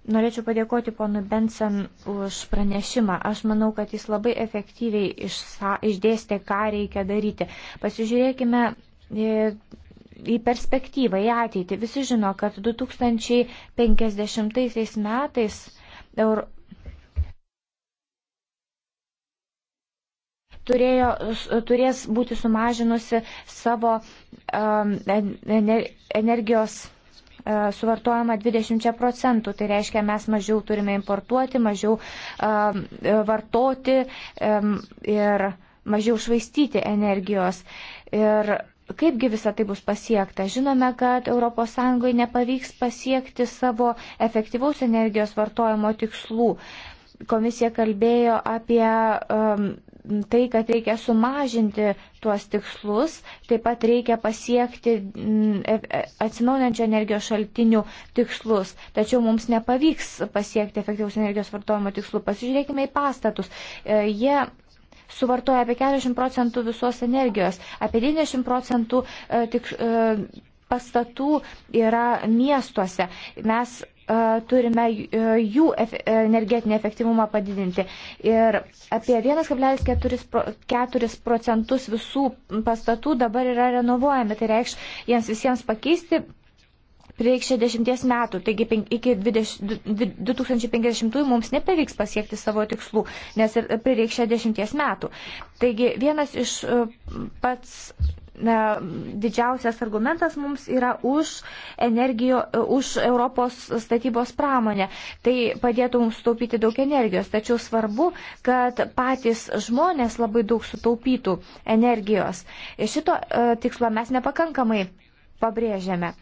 Norėčiau padėkoti ponu Benson už pranešimą. Aš manau, kad jis labai efektyviai išsa, išdėstė, ką reikia daryti. Pasižiūrėkime e, į perspektyvą, į ateitį. Visi žino, kad 2050 metais Euro... turėjo, turės būti sumažinusi savo um, energijos E, suvartojama 20 procentų. Tai reiškia, mes mažiau turime importuoti, mažiau e, e, vartoti ir mažiau švaistyti energijos. Ir kaipgi visa tai bus pasiekta? Žinome, kad ES nepavyks pasiekti savo efektyvaus energijos vartojimo tikslų. Komisija kalbėjo apie um, tai, kad reikia sumažinti tuos tikslus, taip pat reikia pasiekti mm, e, e, atsinaujančio energijos šaltinių tikslus. Tačiau mums nepavyks pasiekti efektyvus energijos vartojimo tikslų. Pasižiūrėkime į pastatus. E, jie suvartoja apie 40 procentų visos energijos, apie 90 procentų tik, pastatų yra miestuose. Mes E, turime e, jų e, energetinį efektyvumą padidinti. Ir apie 1,4 procentus visų pastatų dabar yra renovuojami. Tai reikš jiems visiems pakeisti. Prireiks 60 metų, taigi iki 20, 2050 mums nepavyks pasiekti savo tikslų, nes prireiks 60 metų. Taigi vienas iš pats didžiausias argumentas mums yra už, energijo, už Europos statybos pramonę. Tai padėtų mums sutaupyti daug energijos, tačiau svarbu, kad patys žmonės labai daug sutaupytų energijos. Ir šito e, tikslo mes nepakankamai pabrėžiame.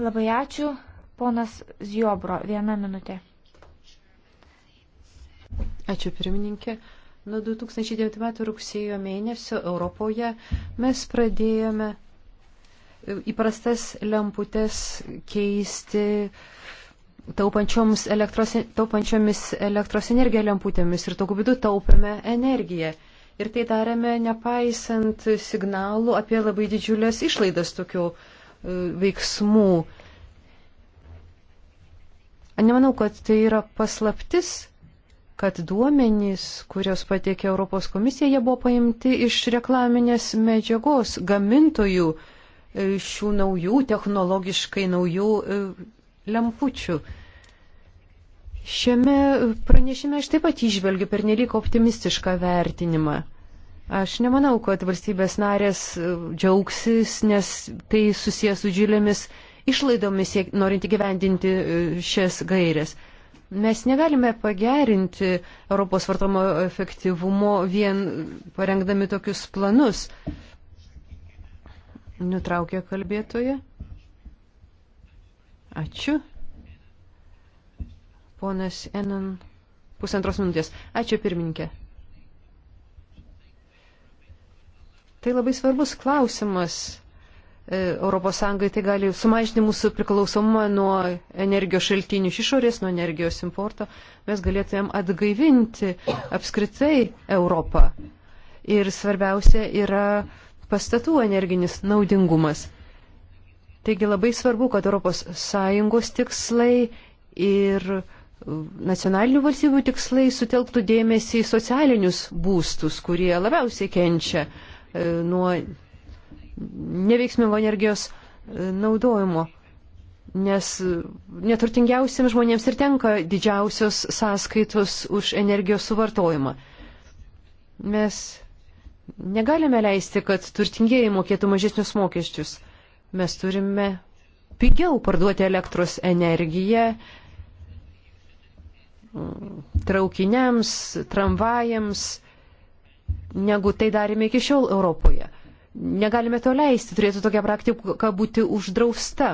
Labai ačiū, ponas Ziobro, vieną minutę.
Ačiū pirmininkė. Nuo 2009 metų rugsėjo mėnesio Europoje mes pradėjome e, įprastas lemputes keisti taupančiomis elektros, taupančiomis elektros energiją lemputėmis ir tokiu būdu taupėme energiją. Ir tai darėme nepaisant signalų apie labai didžiulės išlaidas tokių e, veiksmų. Nemanau, kad tai yra paslaptis kad duomenys, kurios patiekė Europos komisija, jie buvo paimti iš reklaminės medžiagos gamintojų e, šių naujų, technologiškai naujų e, lempučių. Šiame pranešime aš taip pat išvelgiu per nelik optimistišką vertinimą. Aš nemanau, kad valstybės narės e, džiaugsis, nes tai susijęs su džiulėmis išlaidomis, norint įgyvendinti šias gairias. Mes negalime pagerinti Europos vartojimo efektyvumo vien parengdami tokius planus. Nutraukė kalbėtoje. Ačiū. Ponas Enan, pusantros minutės. Ačiū pirmininkė. Tai labai svarbus klausimas ES tai gali sumažinti mūsų priklausomumą nuo energijos šaltinių iš išorės, nuo energijos importo, mes galėtumėm atgaivinti apskritai Europą. Ir svarbiausia yra pastatų energinis naudingumas. Taigi labai svarbu, kad ES tikslai ir nacionalinių valstybių tikslai sutelktų dėmesį į socialinius būstus, kurie labiausiai kenčia e, nuo neveiksmingo energijos e, naudojimo, nes e, neturtingiausiams žmonėms ir tenka didžiausios sąskaitos už energijos suvartojimą. Mes negalime leisti, kad turtingieji mokėtų mažesnius mokesčius. Mes turime pigiau parduoti elektros energiją traukiniams, tramvajams, negu tai darėme iki šiol Europoje. Negalime to leisti, turėtų tokia praktika būti uždrausta.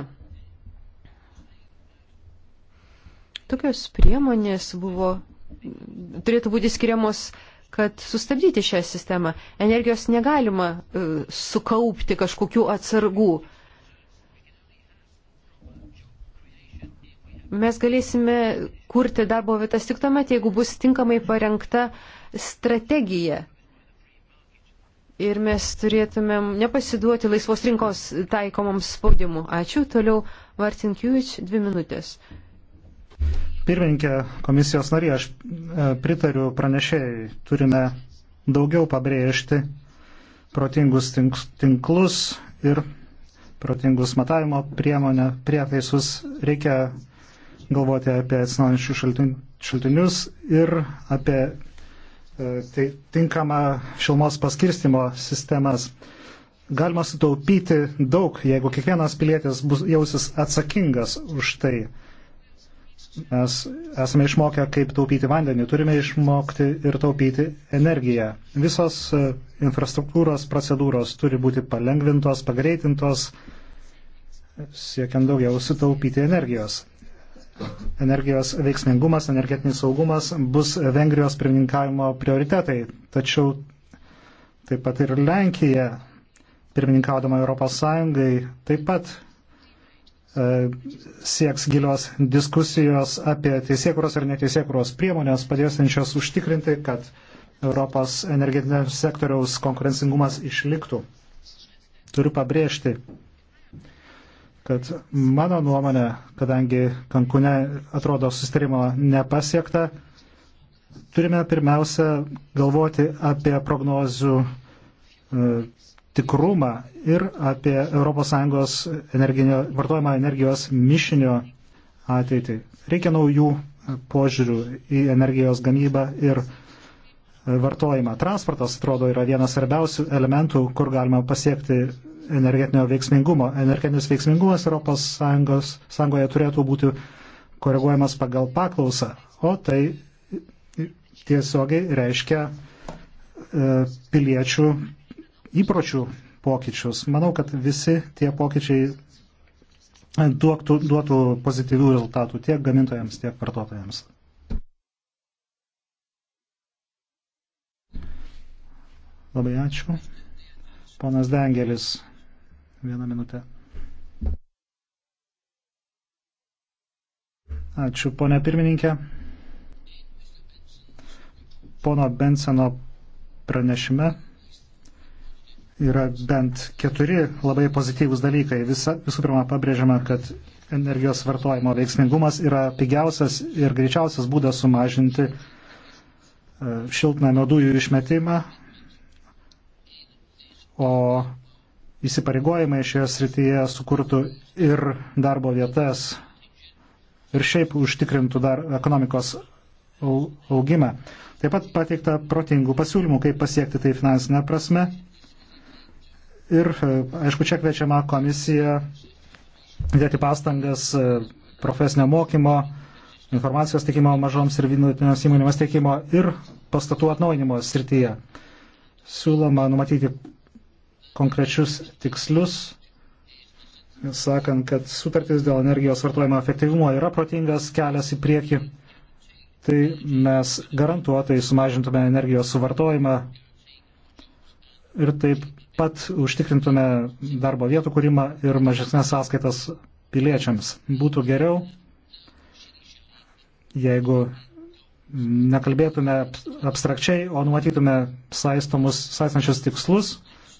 Tokios priemonės buvo, turėtų būti skiriamos, kad sustabdyti šią sistemą. Energijos negalima uh, sukaupti kažkokių atsargų. mes galėsime kurti darbo vietas tik tuomet, jeigu bus tinkamai parengta strategija ir mes turėtumėm nepasiduoti laisvos rinkos taikomoms spaudimu. Ačiū. Toliau
Martin Kiuvič, dvi minutės. Pirmininkė, komisijos narė, aš e, pritariu pranešėjai, turime daugiau pabrėžti protingus tinklus ir protingus matavimo priemonę, prietaisus. Reikia galvoti apie atsinaujančius šaltinius ir apie E, tai tinkamą šilumos paskirstimo sistemas. Galima sutaupyti daug, jeigu kiekvienas pilietis bus, jausis atsakingas už tai. Mes esame išmokę, kaip taupyti vandenį, turime išmokti ir taupyti energiją. Visos e, infrastruktūros procedūros turi būti palengvintos, pagreitintos, siekiant daugiau sutaupyti energijos energijos veiksmingumas, energetinis saugumas bus Vengrijos pirmininkavimo prioritetai. Tačiau taip pat ir Lenkija, pirmininkaudama Europos Sąjungai, taip pat e, sieks gilios diskusijos apie teisėkuros ir neteisėkuros priemonės, padėsinčios užtikrinti, kad Europos energetinio sektoriaus konkurencingumas išliktų. Turiu pabrėžti, kad mano nuomonė, kadangi Kankune atrodo sustarimo nepasiekta, turime pirmiausia galvoti apie prognozių e, tikrumą ir apie ES energinio, vartojimą energijos mišinio ateitį. Reikia naujų požiūrių į energijos gamybą ir e, vartojimą. Transportas, atrodo, yra vienas svarbiausių elementų, kur galima pasiekti energetinio veiksmingumo. Energetinis veiksmingumas ES sąjungoje turėtų būti koreguojamas pagal paklausą, o tai tiesiogiai reiškia e, piliečių įpročių pokyčius. Manau, kad visi tie pokyčiai duotų, duotų pozityvių rezultatų tiek gamintojams, tiek vartotojams. Labai ačiū. Ponas Dengelis. Vieną minutę. Ačiū, ponė pirmininkė. Pono Benseno pranešime yra bent keturi labai pozityvus dalykai. Visa, visų pirma, pabrėžiama, kad energijos vartojimo veiksmingumas yra pigiausias ir greičiausias būdas sumažinti e, šiltnamio dujų išmetimą, o įsipareigojimai šioje srityje sukurtų ir darbo vietas, ir šiaip užtikrintų dar ekonomikos augimą. Taip pat pateikta protingų pasiūlymų, kaip pasiekti tai finansinę prasme. Ir, e, aišku, čia kviečiama komisija dėti pastangas e, profesinio mokymo, informacijos teikimo mažoms ir vidutinėms įmonėms teikimo ir pastatų atnaujinimo srityje. Siūloma numatyti konkrečius tikslius, sakant, kad sutartis dėl energijos vartojimo efektyvumo yra protingas kelias į priekį, tai mes garantuotai sumažintume energijos suvartojimą ir taip pat užtikrintume darbo vietų kūrimą ir mažesnės sąskaitas piliečiams. Būtų geriau, jeigu nekalbėtume abstrakčiai, o numatytume saistomus, saistančius tikslus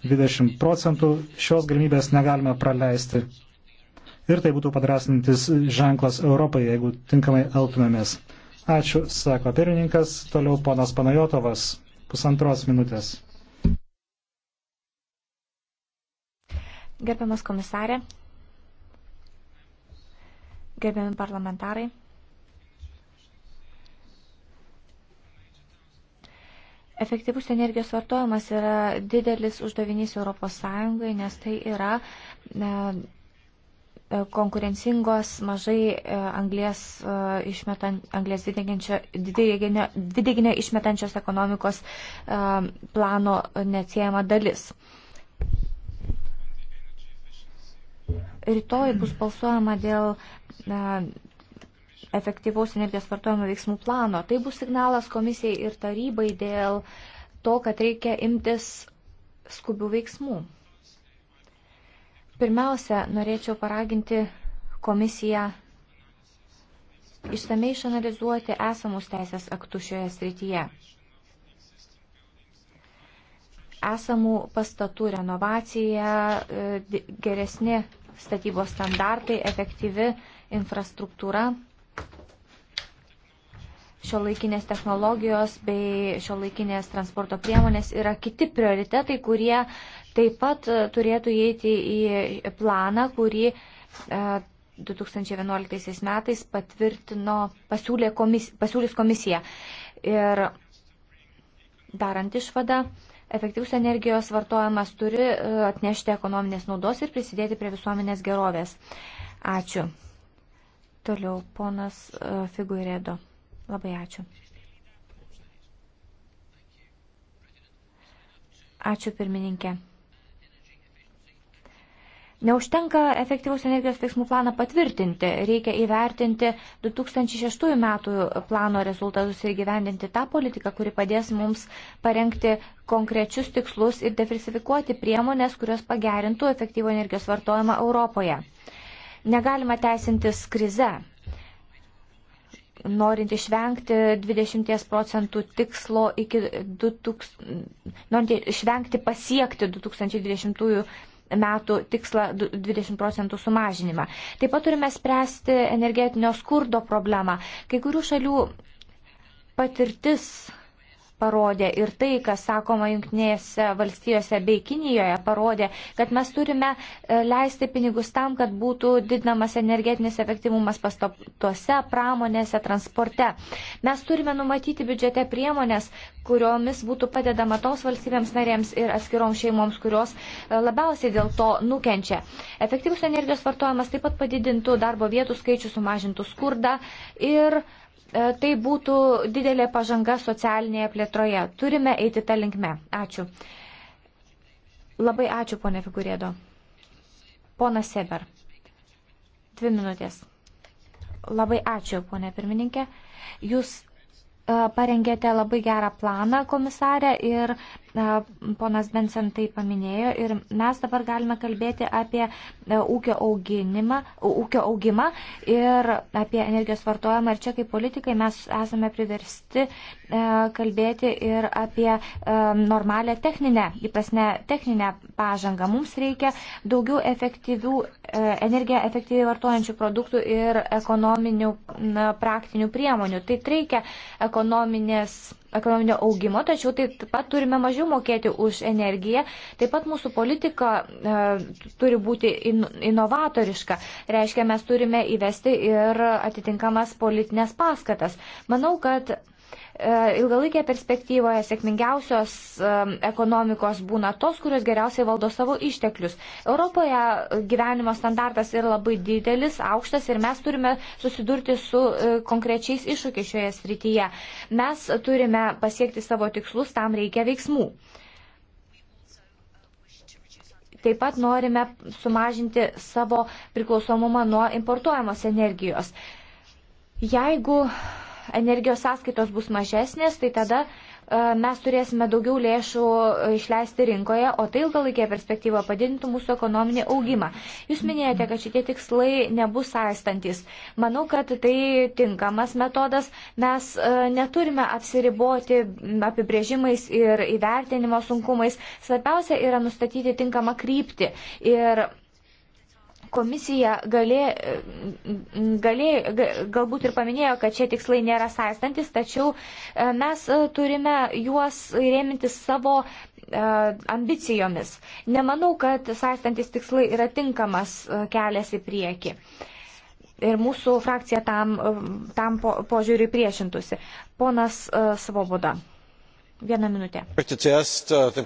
20 procentų. Šios galimybės negalime praleisti. Ir tai būtų padrasintis ženklas Europai, jeigu tinkamai elgtumėmės. Ačiū, sako pirmininkas. Toliau ponas Panajotovas, pusantros minutės.
Gerbiamas komisarė, gerbiami parlamentarai. Efektyvus energijos vartojimas yra didelis uždavinys ES, nes tai yra e, e, konkurencingos, mažai e, anglės, išmetan, anglės dvideginio išmetančios ekonomikos plano neatsiejama dalis. Rytoj bus balsuojama dėl efektyvaus energijos vartojimo veiksmų plano. Tai bus signalas komisijai ir tarybai dėl to, kad reikia imtis skubių veiksmų. Pirmiausia, norėčiau paraginti komisiją išsamei išanalizuoti esamus teisės aktus šioje srityje esamų pastatų renovacija, e, geresni statybos standartai, efektyvi infrastruktūra šio laikinės technologijos bei šio laikinės transporto priemonės yra kiti prioritetai, kurie taip pat e, turėtų įeiti į planą, kurį 2011 e, metais patvirtino, pasiūlė komis, pasiūlys komisija. Ir darant išvadą, efektyvus energijos vartojimas turi e, atnešti ekonominės naudos ir prisidėti prie visuomenės gerovės. Ačiū. Toliau ponas Figuirėdo. Labai ačiū. Ačiū pirmininkė. Neužtenka efektyvus energijos veiksmų planą patvirtinti, reikia įvertinti 2006 metų plano rezultatus ir gyvendinti tą politiką, kuri padės mums parengti konkrečius tikslus ir diversifikuoti priemonės, kurios pagerintų efektyvų energijos vartojimą Europoje. Negalima teisintis krize norint išvengti 20 procentų tikslo iki 2000, norint išvengti pasiekti 2020 metų tikslą 20 procentų sumažinimą. Taip pat turime spręsti energetinio skurdo problemą. Kai kurių šalių patirtis parodė ir tai, kas sakoma Junktinėse valstijose bei Kinijoje, parodė, kad mes turime e, leisti pinigus tam, kad būtų didinamas energetinis efektyvumas pastatuose, pramonėse, transporte. Mes turime numatyti biudžete priemonės, kuriomis būtų padedama tos valstybėms narėms ir atskiroms šeimoms, kurios e, labiausiai dėl to nukenčia. Efektyvus energijos vartojimas taip pat padidintų darbo vietų skaičių, sumažintų skurdą ir uh, E, tai būtų didelė pažanga socialinėje plėtroje. Turime eiti tą linkmę. Ačiū. Labai ačiū, ponė Figurėdo. Pona Seber. Dvi minutės. Labai ačiū, ponė pirmininkė. Jūs e, parengėte labai gerą planą, komisarė, ir ponas Benson tai paminėjo ir mes dabar galime kalbėti apie e, ūkio, auginimą, ūkio augimą ir apie energijos vartojimą. Ir čia kaip politikai mes esame priversti e, kalbėti ir apie e, normalią techninę, įprasnę techninę pažangą. Mums reikia daugiau efektyvių, energiją efektyviai vartojančių produktų ir ekonominių praktinių priemonių. Tai reikia ekonominės ekonominio augimo, tačiau taip pat turime mažiau mokėti už energiją. Taip pat mūsų politika e, turi būti in, inovatoriška. Reiškia, mes turime įvesti ir atitinkamas politinės paskatas. Manau, kad E, ilgalaikėje perspektyvoje sėkmingiausios e, ekonomikos būna tos, kurios geriausiai valdo savo išteklius. Europoje gyvenimo standartas yra labai didelis, aukštas ir mes turime susidurti su e, konkrečiais iššūkiais šioje srityje. Mes turime pasiekti savo tikslus, tam reikia veiksmų. Taip pat norime sumažinti savo priklausomumą nuo importuojamos energijos. Jeigu energijos sąskaitos bus mažesnės, tai tada e, mes turėsime daugiau lėšų e, išleisti rinkoje, o tai ilgalaikėje perspektyvoje padidintų mūsų ekonominį augimą. Jūs minėjote, kad šitie tikslai nebus saistantis. Manau, kad tai tinkamas metodas. Mes e, neturime apsiriboti apibrėžimais ir įvertinimo sunkumais. Svarbiausia yra nustatyti tinkamą kryptį. Ir komisija galė, galė, galbūt ir paminėjo, kad šie tikslai nėra saistantis, tačiau e, mes e, turime juos įrėminti savo e, ambicijomis. Nemanau, kad saistantis tikslai yra tinkamas kelias į priekį. Ir mūsų frakcija tam, tam po, požiūriui priešintusi. Ponas Svoboda. Vieną minutę.
Äh,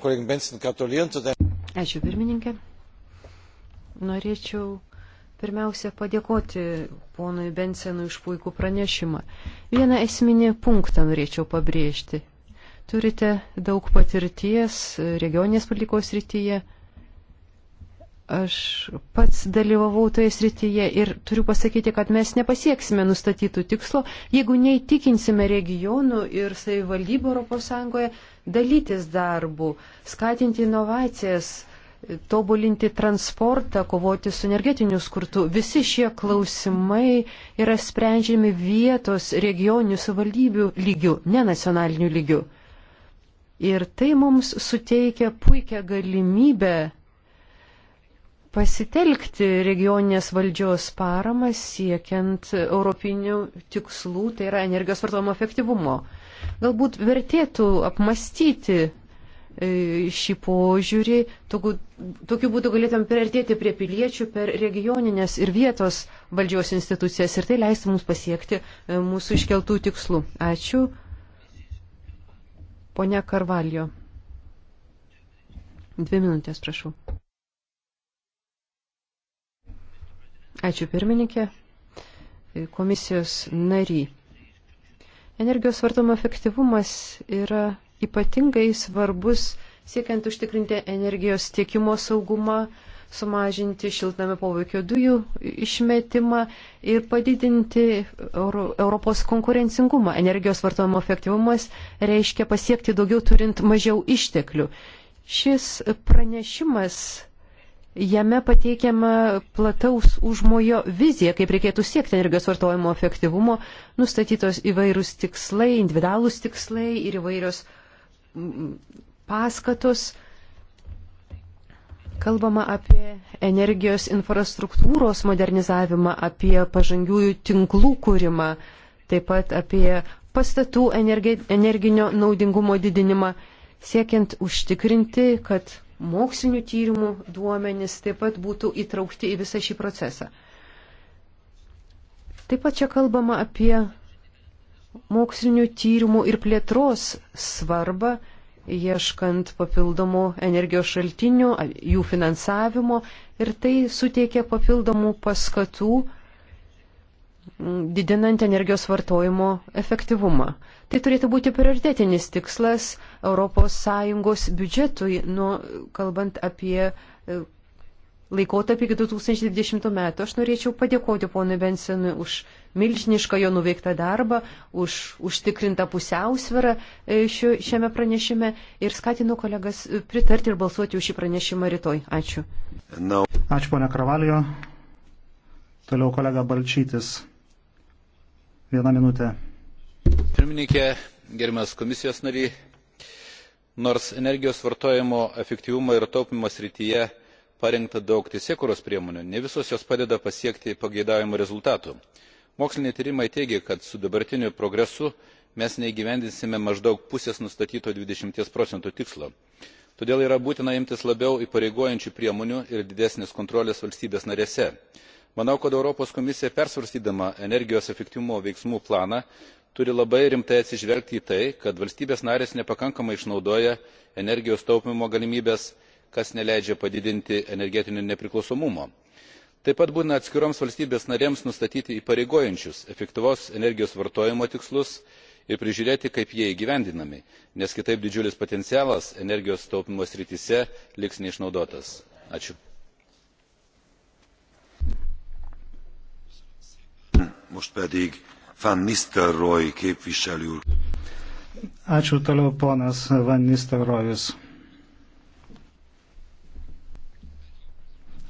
Ačiū pirmininkė. Norėčiau pirmiausia padėkoti ponui Bensenui iš puikų pranešimą. Vieną esminį punktą norėčiau pabrėžti. Turite daug patirties regioninės politikos rytyje. Aš pats dalyvavau toje srityje ir turiu pasakyti, kad mes nepasieksime nustatytų tikslo, jeigu neįtikinsime regionų ir savivaldybių ES dalytis darbų, skatinti inovacijas, tobulinti transportą, kovoti su energetiniu skurtu. Visi šie klausimai yra sprendžiami vietos regioninių savaldybių lygių, ne nacionalinių lygių. Ir tai mums suteikia puikią galimybę pasitelkti regioninės valdžios paramą siekiant europinių tikslų, tai yra energijos vartojimo efektyvumo. Galbūt vertėtų apmastyti šį požiūrį. Tokiu, tokiu būdu galėtume priartėti prie piliečių per regioninės ir vietos valdžios institucijas ir tai leistų mums pasiekti e, mūsų iškeltų tikslų. Ačiū. Pone Karvaljo. Dvi minutės, prašau. Ačiū pirmininkė. E, komisijos nary. Energijos vartojimo efektyvumas yra ypatingai svarbus siekiant užtikrinti energijos tiekimo saugumą, sumažinti šiltnamio poveikio dujų išmetimą ir padidinti Euro, Europos konkurencingumą. Energijos vartojimo efektyvumas reiškia pasiekti daugiau turint mažiau išteklių. Šis pranešimas Jame pateikiama plataus užmojo vizija, kaip reikėtų siekti energijos vartojimo efektyvumo, nustatytos įvairūs tikslai, individualūs tikslai ir įvairios paskatos. Kalbama apie energijos infrastruktūros modernizavimą, apie pažangiųjų tinklų kūrimą, taip pat apie pastatų energi, energinio naudingumo didinimą, siekiant užtikrinti, kad mokslinių tyrimų duomenys taip pat būtų įtraukti į visą šį procesą. Taip pat čia kalbama apie mokslinių tyrimų ir plėtros svarbą, ieškant papildomų energijos šaltinių, jų finansavimo ir tai suteikia papildomų paskatų, mm, didinant energijos vartojimo efektyvumą. Tai turėtų būti prioritetinis tikslas ES biudžetui, nu, kalbant apie e, laikotarpį iki 2020 metų. Aš norėčiau padėkoti ponui Bensonui už milžinišką jo nuveiktą darbą, už užtikrintą pusiausvirą e, šiame pranešime ir skatinu kolegas pritarti ir balsuoti už šį pranešimą
rytoj. Ačiū. No. Ačiū ponia Kravalijo. Toliau kolega Balčytis. Viena minutė. Pirmininkė, gerimas komisijos nariai, nors energijos vartojimo efektyvumo ir taupimo srityje parengta daug teisėkūros priemonių ne visos jos padeda pasiekti pageidaujamų rezultatų. moksliniai tyrimai teigia kad su dabartiniu progresu mes neįgyvendinsime maždaug pusės nustatyto dvidešimt procentų tikslo todėl yra būtina imtis labiau įpareigojančių priemonių ir didesnės kontrolės valstybėse narėse. manau kad europos komisija persvarstydama energijos efektyvumo veiksmų planą turi labai rimtai atsižvelgti į tai kad valstybės narės nepakankamai išnaudoja energijos taupymo galimybes kas neleidžia padidinti energetinio nepriklausomumo. taip pat būtina atskiroms valstybėms narėms nustatyti įpareigojančius efektyvaus energijos vartojimo tikslus ir prižiūrėti kaip jie įgyvendinami nes kitaip didžiulis potencialas energijos taupymo srityje liks neišnaudotas.
ačiū. Most pedig Van Nistelrooy képviselő úr.
Ačiū toliau ponas Van Nistelrooyus.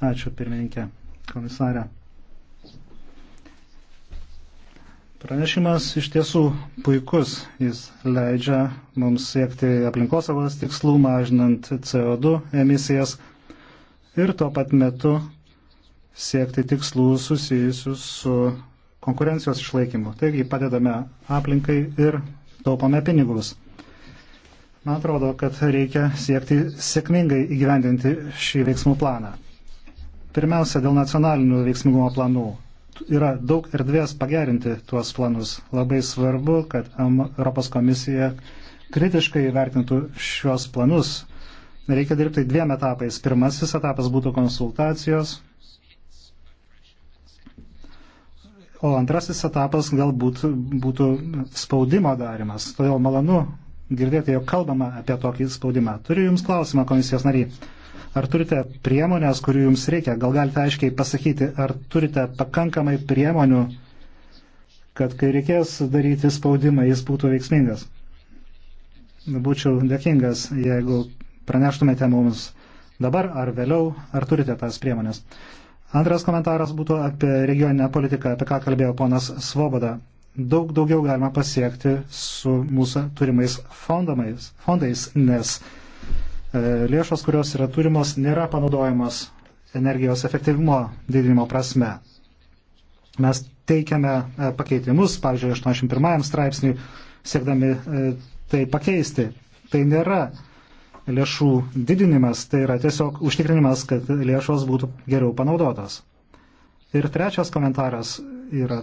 Ačiū pirmininkė komisarė. Pranešimas iš tiesų puikus. Jis leidžia mums siekti aplinkosaugos tikslų, mažinant CO2 emisijas ir tuo pat metu siekti tikslų susijusių su konkurencijos išlaikymu. Taigi padedame aplinkai ir taupome pinigus. Man atrodo, kad reikia siekti sėkmingai įgyvendinti šį veiksmų planą. Pirmiausia, dėl nacionalinių veiksmingumo planų. Yra daug erdvės pagerinti tuos planus. Labai svarbu, kad Europos komisija kritiškai vertintų šios planus. Reikia dirbti dviem etapais. Pirmasis etapas būtų konsultacijos, O antrasis etapas galbūt būtų spaudimo darimas. Todėl malonu girdėti, jog kalbama apie tokį spaudimą. Turiu Jums klausimą, komisijos nariai. Ar turite priemonės, kurių jums reikia? Gal galite aiškiai pasakyti, ar turite pakankamai priemonių, kad kai reikės daryti spaudimą, jis būtų veiksmingas? Būčiau dėkingas, jeigu praneštumėte mums dabar ar vėliau, ar turite tas priemonės. Antras komentaras būtų apie regioninę politiką, apie ką kalbėjo ponas Svoboda. Daug daugiau galima pasiekti su mūsų turimais fondamais, fondais, nes E, lėšos, kurios yra turimos, nėra panaudojamos energijos efektyvumo didinimo prasme. Mes teikiame e, pakeitimus, pavyzdžiui, 81 straipsniui, siekdami e, tai pakeisti. Tai nėra lėšų didinimas, tai yra tiesiog užtikrinimas, kad lėšos būtų geriau panaudotos. Ir trečias komentaras yra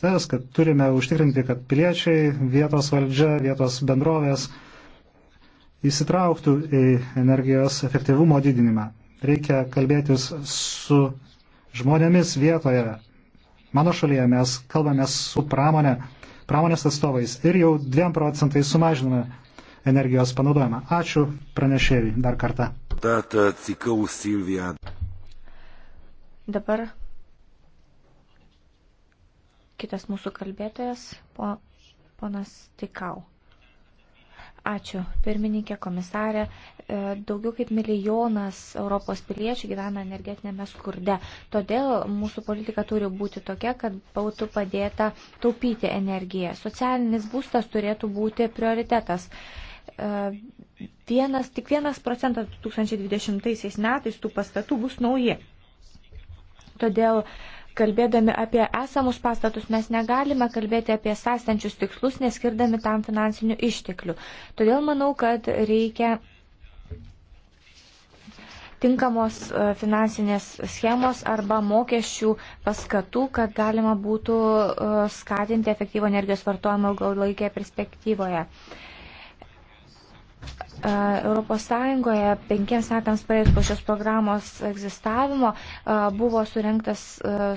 tas, kad turime užtikrinti, kad piliečiai, vietos valdžia, vietos bendrovės, įsitrauktų į energijos efektyvumo didinimą. Reikia kalbėtis su žmonėmis vietoje. Mano šalyje mes kalbame su pramonė, pramonės atstovais ir jau 2 procentai sumažiname energijos panaudojimą. Ačiū pranešėjai dar kartą.
Tata Cikau Silvija.
Dabar
kitas mūsų kalbėtojas, po, ponas Tikau. Ačiū, pirmininkė, komisarė. E, daugiau kaip milijonas Europos piliečių gyvena energetinėme skurde. Todėl mūsų politika turi būti tokia, kad būtų padėta taupyti energiją. Socialinis būstas turėtų būti prioritetas e, vienas, tik vienas procentas 2020 metais tų pastatų bus nauji. Todėl uh, kalbėdami apie esamus pastatus mes negalime kalbėti apie sąstančius tikslus, neskirdami tam finansinių išteklių. Todėl manau, kad reikia tinkamos e, finansinės schemos arba mokesčių paskatų, kad galima būtų e, skatinti efektyvą energijos vartojimą ilgalaikėje perspektyvoje. Europos Sąjungoje penkiems metams praėjus po šios programos egzistavimo buvo surinktas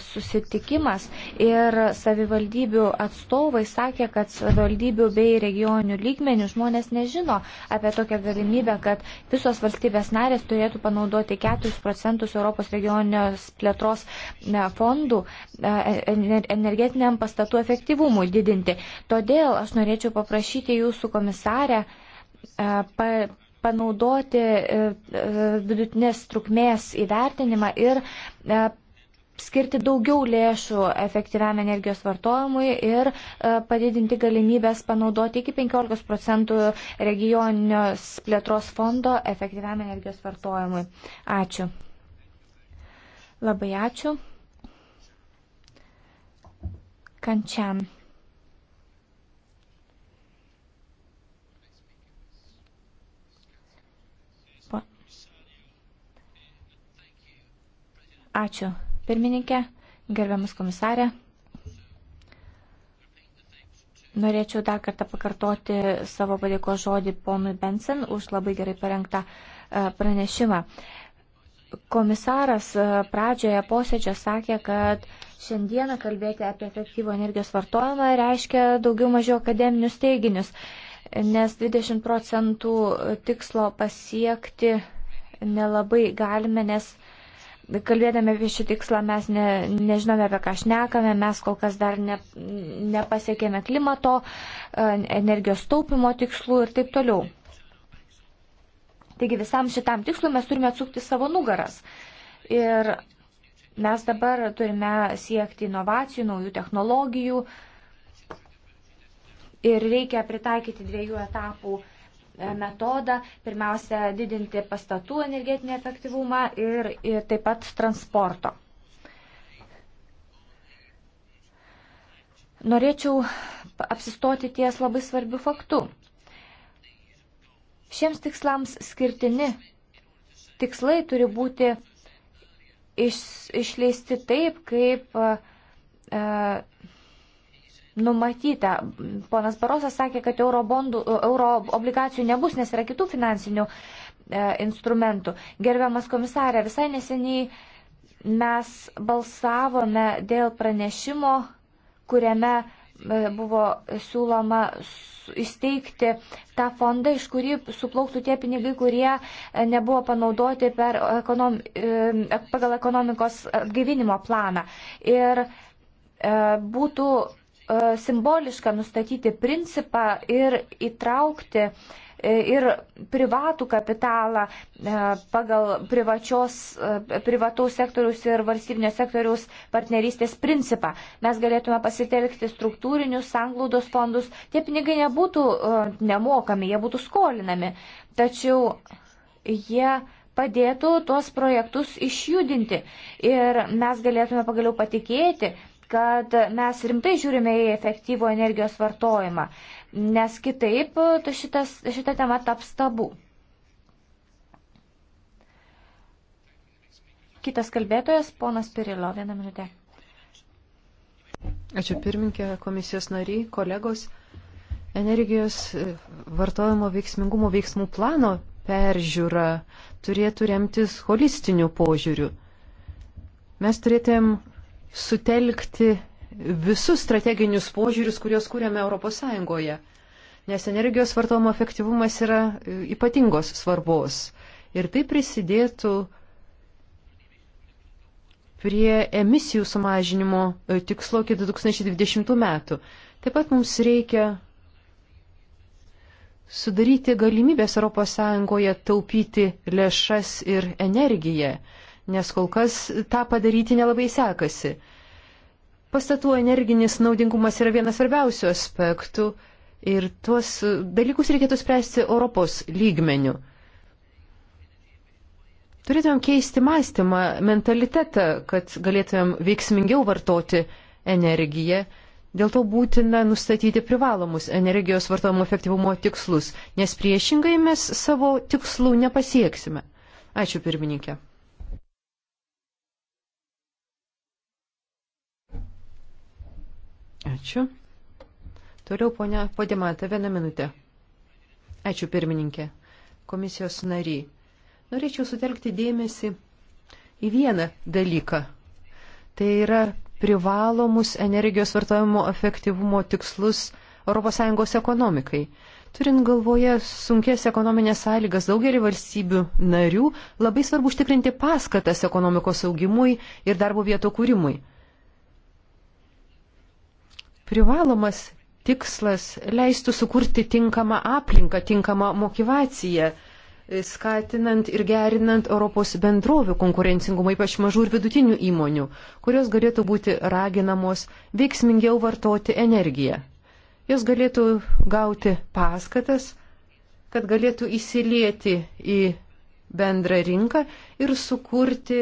susitikimas ir savivaldybių atstovai sakė, kad savivaldybių bei regioninių lygmenių žmonės nežino apie tokią galimybę, kad visos valstybės narės turėtų panaudoti 4 procentus Europos regioninės plėtros fondų energetiniam pastatų efektyvumui didinti. Todėl aš norėčiau paprašyti jūsų komisarę, E, panaudoti e, e, vidutinės trukmės įvertinimą ir skirti daugiau lėšų efektyviam energijos vartojimui ir padidinti galimybės panaudoti iki 15 procentų regioninės plėtros fondo efektyviam energijos vartojimui. Ačiū. Labai ačiū. Kančiam. Ačiū, pirmininkė, gerbiamas komisarė. Norėčiau dar kartą pakartoti savo padėko žodį ponui Benson už labai gerai parengtą e, pranešimą. Komisaras e, pradžioje posėdžio sakė, kad šiandieną kalbėti apie efektyvų energijos vartojimą reiškia daugiau mažiau akademinius teiginius, nes 20 procentų tikslo pasiekti nelabai galime, nes Kalbėdami apie šį tikslą mes ne, nežinome, apie ką šnekame, mes kol kas dar ne, nepasiekėme klimato, e, energijos taupimo tikslų ir taip toliau. Taigi visam šitam tikslui mes turime atsukti savo nugaras. Ir mes dabar turime siekti inovacijų, naujų technologijų ir reikia pritaikyti dviejų etapų E, metodą, pirmiausia, didinti pastatų energetinį efektyvumą ir, ir taip pat transporto. Norėčiau apsistoti ties labai svarbių faktų. Šiems tikslams skirtini tikslai turi būti iš, išleisti taip, kaip e, numatyta. Ponas Barosas sakė, kad euro, bondų, euro obligacijų nebus, nes yra kitų finansinių e, instrumentų. Gerbiamas komisarė, visai neseniai mes balsavome dėl pranešimo, kuriame e, buvo siūloma įsteigti tą fondą, iš kurį suplauktų tie pinigai, kurie e, nebuvo panaudoti per ekonom, pagal ekonomikos atgaivinimo planą. Ir būtų E, simbolišką nustatyti principą ir įtraukti e, ir privatų kapitalą e, pagal privačios, privataus sektoriaus ir valstybinio sektoriaus partnerystės principą. Mes galėtume pasitelkti struktūrinius sanglaudos fondus. Tie pinigai nebūtų nemokami, jie būtų skolinami. Tačiau jie padėtų tuos projektus išjudinti ir mes galėtume pagaliau patikėti, kad mes rimtai žiūrime į efektyvų energijos vartojimą, nes kitaip šitas, šita tema taps tabu. Kitas kalbėtojas, ponas Pirilo, vieną minutę.
Ačiū pirminkė, komisijos nariai, kolegos. Energijos e, vartojimo veiksmingumo veiksmų plano peržiūra turėtų remtis holistiniu požiūriu. Mes turėtėm sutelkti visus strateginius požiūrius, kuriuos kūrėme ES, nes energijos vartojimo efektyvumas yra e, ypatingos svarbos ir tai prisidėtų prie emisijų sumažinimo e, tikslo iki 2020 metų. Taip pat mums reikia sudaryti galimybės ES taupyti lėšas ir energiją nes kol kas tą padaryti nelabai sekasi. Pastatų energinis naudingumas yra vienas svarbiausių aspektų ir tuos dalykus reikėtų spręsti Europos lygmenių. Turėtumėm keisti mąstymą, mentalitetą, kad galėtumėm veiksmingiau vartoti energiją. Dėl to būtina nustatyti privalomus energijos vartojimo efektyvumo tikslus, nes priešingai mes savo tikslų nepasieksime. Ačiū pirmininkė. Ačiū. Toliau, ponia Podimata, vieną minutę. Ačiū, pirmininkė. Komisijos nariai. Norėčiau sutelkti dėmesį į vieną dalyką. Tai yra privalomus energijos vartojimo efektyvumo tikslus ES ekonomikai. Turint galvoje sunkės ekonominės sąlygas daugelį valstybių narių, labai svarbu užtikrinti paskatas ekonomikos augimui ir darbo vieto kūrimui privalomas tikslas leistų sukurti tinkamą aplinką, tinkamą motivaciją, e, skatinant ir gerinant Europos bendrovių konkurencingumą, ypač mažų ir vidutinių įmonių, kurios galėtų būti raginamos veiksmingiau vartoti energiją. Jos galėtų gauti paskatas, kad galėtų įsilieti į bendrą rinką ir sukurti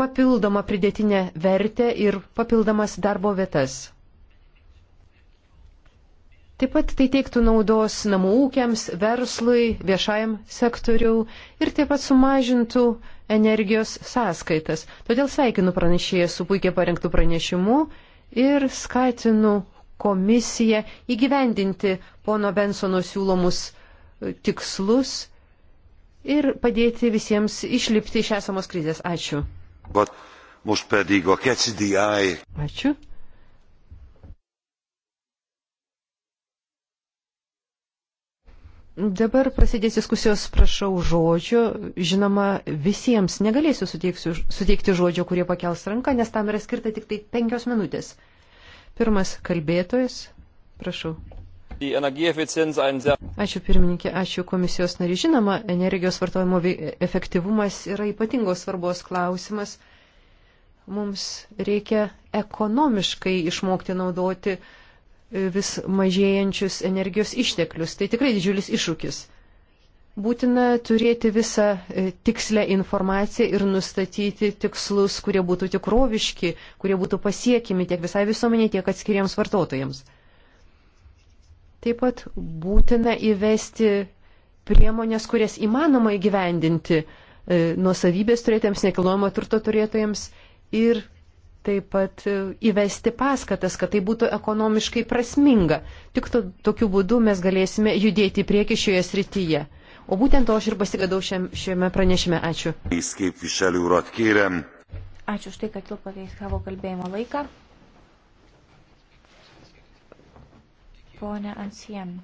papildomą pridėtinę vertę ir papildomas darbo vietas. Taip pat tai teiktų naudos namų ūkiams, verslui, viešajam sektoriu ir taip pat sumažintų energijos sąskaitas. Todėl sveikinu pranešėją su puikiai parengtų pranešimu ir skatinu komisiją įgyvendinti pono Bensono siūlomus e, tikslus ir padėti visiems išlipti iš esamos krizės. Ačiū.
Ačiū.
Dabar prasidės diskusijos, prašau žodžio. Žinoma, visiems negalėsiu suteiksiu, suteikti žodžio, kurie pakels ranką, nes tam yra skirta tik tai penkios minutės. Pirmas kalbėtojas, prašau.
Ačiū
pirmininkė, ačiū komisijos nariai. Žinoma, energijos vartojimo efektyvumas yra ypatingos svarbos klausimas. Mums reikia ekonomiškai išmokti naudoti uh, vis mažėjančius energijos išteklius. Tai tikrai didžiulis iššūkis. Būtina turėti visą e, tikslę informaciją ir nustatyti tikslus, kurie būtų tikroviški, kurie būtų pasiekimi tiek visai visuomenė, tiek atskiriems vartotojams. Taip pat būtina įvesti priemonės, kurias įmanoma įgyvendinti e, nuosavybės turėtėms, nekilnojamo turto turėtojams ir taip pat e, įvesti paskatas, kad tai būtų ekonomiškai prasminga. Tik to, tokiu būdu mes galėsime judėti į priekį šioje srityje. O būtent to aš ir pasigadau šiame, šiame pranešime. Ačiū.
Ačiū už tai, kad jau paveikavo kalbėjimo laiką. Pone Ansien.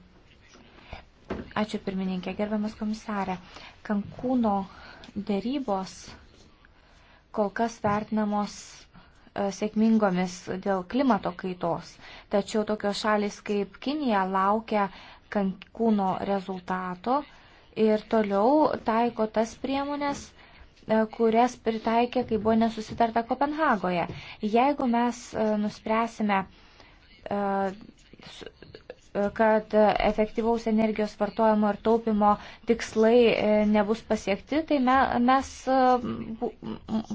Ačiū pirmininkė, gerbiamas komisarė. Kankūno dėrybos kol kas vertinamos E, sėkmingomis dėl klimato kaitos. Tačiau tokios šalis kaip Kinija laukia kankūno rezultato ir toliau taiko tas priemonės, e, kurias pritaikė, kai buvo nesusitarta Kopenhagoje. Jeigu mes e, nuspręsime kad efektyvaus energijos vartojimo ir taupimo tikslai e, nebus pasiekti, tai me, mes e,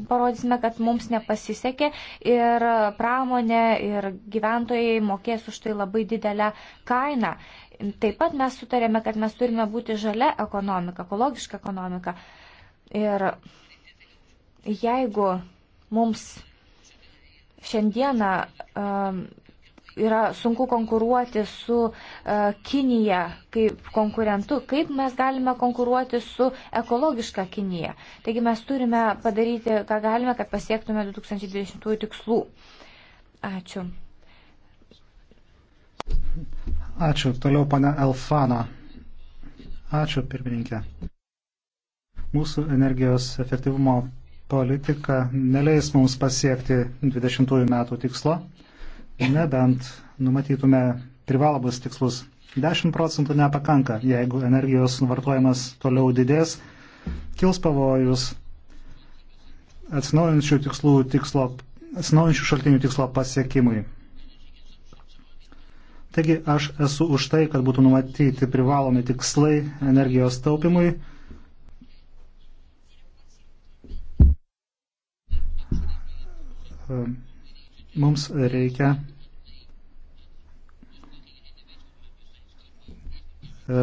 parodysime, kad mums nepasisekė ir pramonė ir gyventojai mokės už tai labai didelę kainą. Taip pat mes sutarėme, kad mes turime būti žalia ekonomika, ekologiška ekonomika. Ir jeigu mums šiandieną um, yra sunku konkuruoti su e, Kinija kaip konkurentu, kaip mes galime konkuruoti su ekologiška Kinija. Taigi mes turime padaryti, ką galime, kad pasiektume 2020 tikslų. Ačiū.
Ačiū. Toliau pane Elfana. Ačiū, pirmininkė. Mūsų energijos efektyvumo politika neleis mums pasiekti 20 metų tikslo nebent numatytume privalomus tikslus. 10 procentų nepakanka, jeigu energijos vartojimas toliau didės, kils pavojus atsinaujančių, tikslų, tikslo, atsinaujančių šaltinių tikslo pasiekimui. Taigi aš esu už tai, kad būtų numatyti privalomi tikslai energijos taupimui. Um mums reikia e,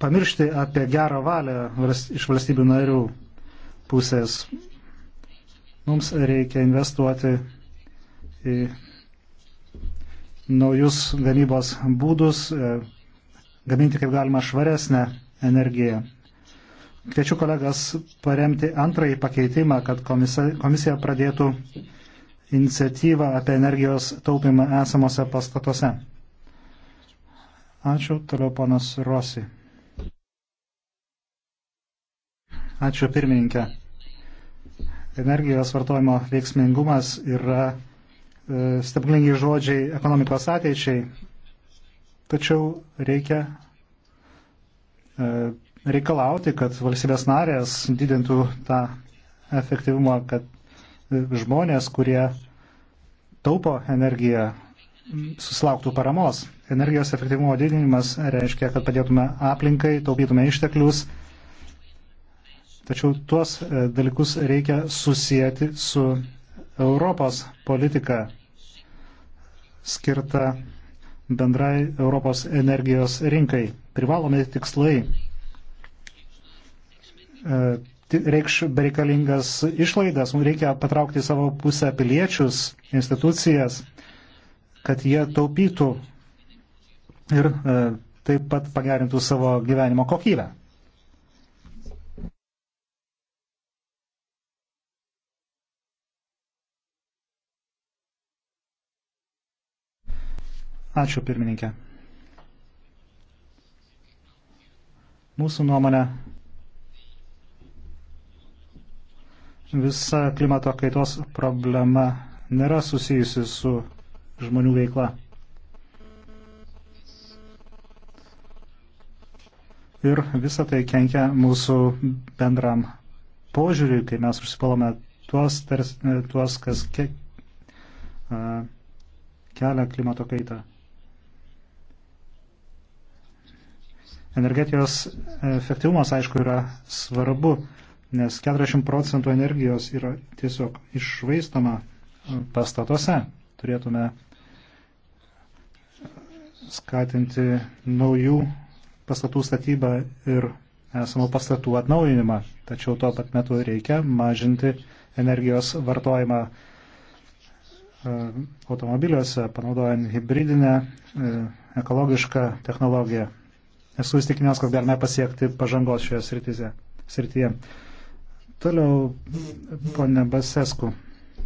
pamiršti apie gerą valią iš valstybių narių pusės. Mums reikia investuoti į naujus gamybos būdus, e, gaminti kaip galima švaresnę energiją. Kviečiu kolegas paremti antrąjį pakeitimą, kad komisija, komisija pradėtų iniciatyvą apie energijos taupimą esamose pastatuose. Ačiū, toliau ponas Rosi. Ačiū pirmininkė. Energijos vartojimo veiksmingumas yra e, stebuklingi žodžiai ekonomikos ateičiai, tačiau reikia e, reikalauti, kad valstybės narės didintų tą efektyvumą, kad žmonės, kurie taupo energiją, susilauktų paramos. Energijos efektyvumo didinimas reiškia, kad padėtume aplinkai, taupytume išteklius. Tačiau tuos e, dalykus reikia susijęti su Europos politika skirta bendrai Europos energijos rinkai. Privalomi tikslai e, reikš bereikalingas išlaidas, mums reikia patraukti savo pusę piliečius, institucijas, kad jie taupytų ir e, taip pat pagerintų savo gyvenimo kokybę. Ačiū pirmininkė. Mūsų nuomonė visa klimato kaitos problema nėra susijusi su žmonių veikla. Ir visa tai kenkia mūsų bendram požiūriui, kai mes užsipalome tuos, ters, tuos kas ke, a, kelia klimato kaitą. Energetijos efektyvumas, aišku, yra svarbu nes 40 procentų energijos yra tiesiog išvaistoma e, pastatuose. Turėtume skatinti naujų pastatų statybą ir esamų pastatų atnaujinimą, tačiau tuo pat metu reikia mažinti energijos vartojimą e, automobiliuose, panaudojant hybridinę e, ekologišką technologiją. Esu įstikinęs, kad galime pasiekti pažangos šioje srityje. Toliau, ponė Basesku.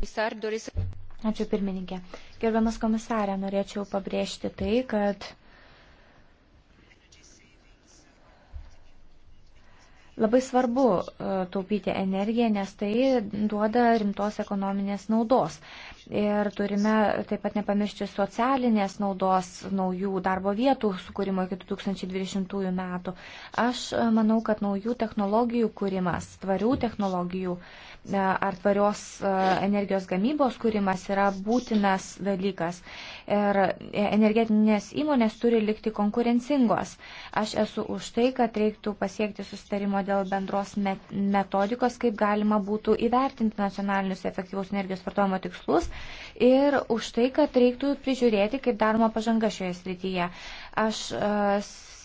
Ačiū pirmininkė. Gerbiamas komisarė, norėčiau pabrėžti tai, kad Labai svarbu e, taupyti energiją, nes tai duoda rimtos ekonominės naudos. Ir turime taip pat nepamiršti socialinės naudos naujų darbo vietų sukūrimo iki 2020 metų. Aš e, manau, kad naujų technologijų kūrimas, tvarių technologijų e, ar tvarios energijos gamybos kūrimas yra būtinas dalykas ir energetinės įmonės turi likti konkurencingos. Aš esu už tai, kad reiktų pasiekti sustarimo dėl bendros metodikos, kaip galima būtų įvertinti nacionalinius efektyvus energijos vartojimo tikslus ir už tai, kad reiktų prižiūrėti, kaip daroma pažanga šioje srityje. Aš e,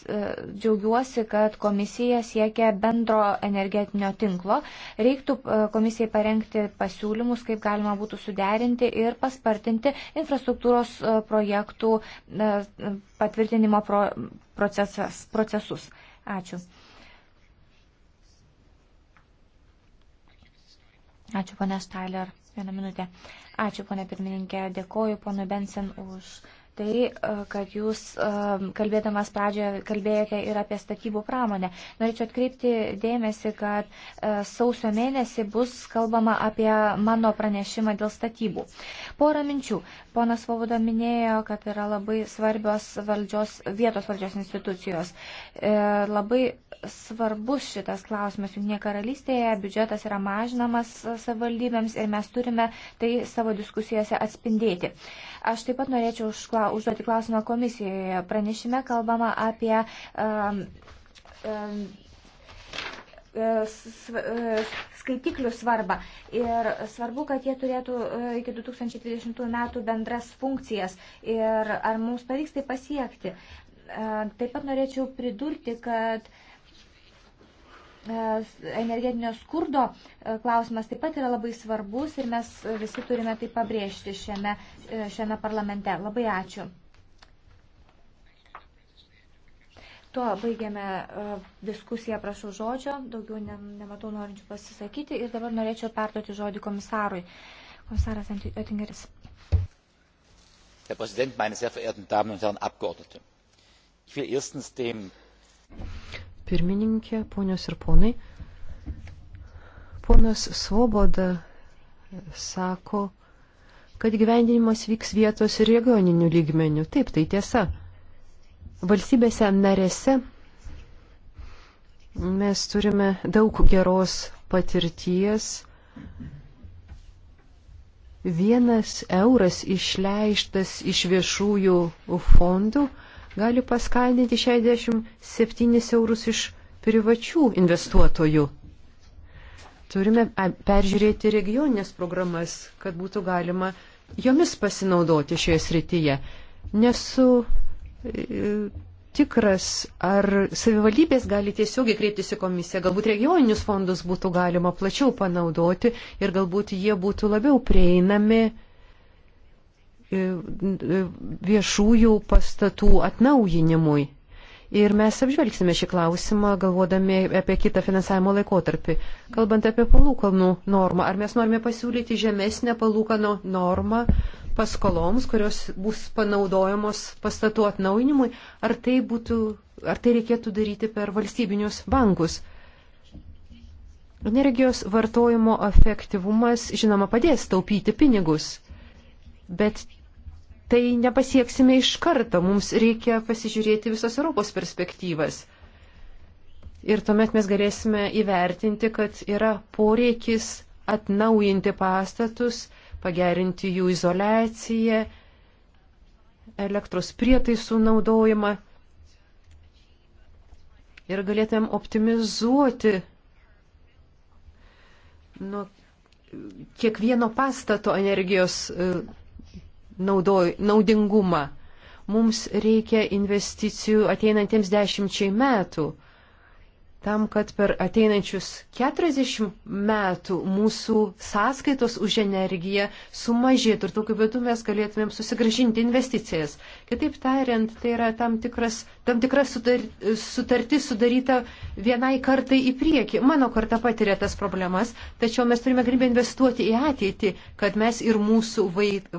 E, džiaugiuosi, kad komisija siekia bendro energetinio tinklo. Reiktų e, komisijai parengti pasiūlymus, kaip galima būtų suderinti ir paspartinti infrastruktūros e, projektų patvirtinimo pro, procesas, procesus. Ačiū. Ačiū, ponė Stailer. Vieną minutę. Ačiū, ponė pirmininkė. Dėkoju, ponui Bensen, už tai, e, kad jūs e, kalbėdamas pradžioje kalbėjote ir apie statybų pramonę. Norėčiau atkreipti dėmesį, kad e, sausio mėnesį bus kalbama apie mano pranešimą dėl statybų. Porą minčių. Ponas Vovoda minėjo, kad yra labai svarbios valdžios, vietos valdžios institucijos. Labai svarbus šitas klausimas. Junkinė karalystėje biudžetas yra mažinamas savivaldybėms ir mes turime tai savo diskusijose atspindėti. Uh, Aš taip pat norėčiau užduoti klausimą komisijoje. Pranešime kalbama apie um, um, skaitiklių svarbą. Ir svarbu, kad jie turėtų uh, iki 2020 metų bendras funkcijas. Ir ar mums pavyks tai pasiekti? Uh, taip pat norėčiau pridurti, kad uh, E, energetinio skurdo e, klausimas taip pat yra labai svarbus ir mes visi turime tai pabrėžti šiame, e, šiame parlamente. Labai ačiū. Tuo baigiame diskusiją, prašau žodžio, daugiau ne, nematau norinčių pasisakyti ir dabar norėčiau perduoti žodį komisarui. Komisaras Oettingeris.
Herr Präsident, meine sehr verehrten Damen und Herren Abgeordnete! Ich will erstens dem
pirmininkė, ponios ir ponai. Ponas Svoboda sako, kad gyvendinimas vyks vietos ir regioninių lygmenių. Taip, tai tiesa. Valstybėse narėse mes turime daug geros patirties. Vienas euras išleistas iš viešųjų fondų gali paskaldinti 67 eurus iš privačių investuotojų. Turime peržiūrėti regioninės programas, kad būtų galima jomis pasinaudoti šioje srityje. Nesu e, tikras, ar savivaldybės gali tiesiogiai kreiptis į komisiją, galbūt regioninius fondus būtų galima plačiau panaudoti ir galbūt jie būtų labiau prieinami E, e, viešųjų pastatų atnaujinimui. Ir mes apžvelgsime šį klausimą, galvodami apie kitą finansavimo laikotarpį. Kalbant apie palūkanų normą, ar mes norime pasiūlyti žemesnę palūkanų normą paskoloms, kurios bus panaudojamos pastatų atnaujinimui, ar tai, būtų, ar tai reikėtų daryti per valstybinius bankus? Energijos vartojimo efektyvumas, žinoma, padės taupyti pinigus, bet tai nepasieksime iš karto, mums reikia pasižiūrėti visos Europos perspektyvas. Ir tuomet mes galėsime įvertinti, kad yra poreikis atnaujinti pastatus, pagerinti jų izolaciją, elektros prietaisų naudojimą ir galėtumėm optimizuoti nuo kiekvieno pastato energijos e, naudoj, naudingumą. Mums reikia investicijų ateinantiems dešimčiai metų tam, kad per ateinančius 40 metų mūsų sąskaitos už energiją sumažėtų ir tokiu būdu mes galėtumėm susigražinti investicijas. Kitaip tariant, tai yra tam, tikras, tam tikra sudar, sutartis sudaryta vienai kartai į priekį. Mano karta patiria tas problemas, tačiau mes turime galimybę investuoti į ateitį, kad mes ir mūsų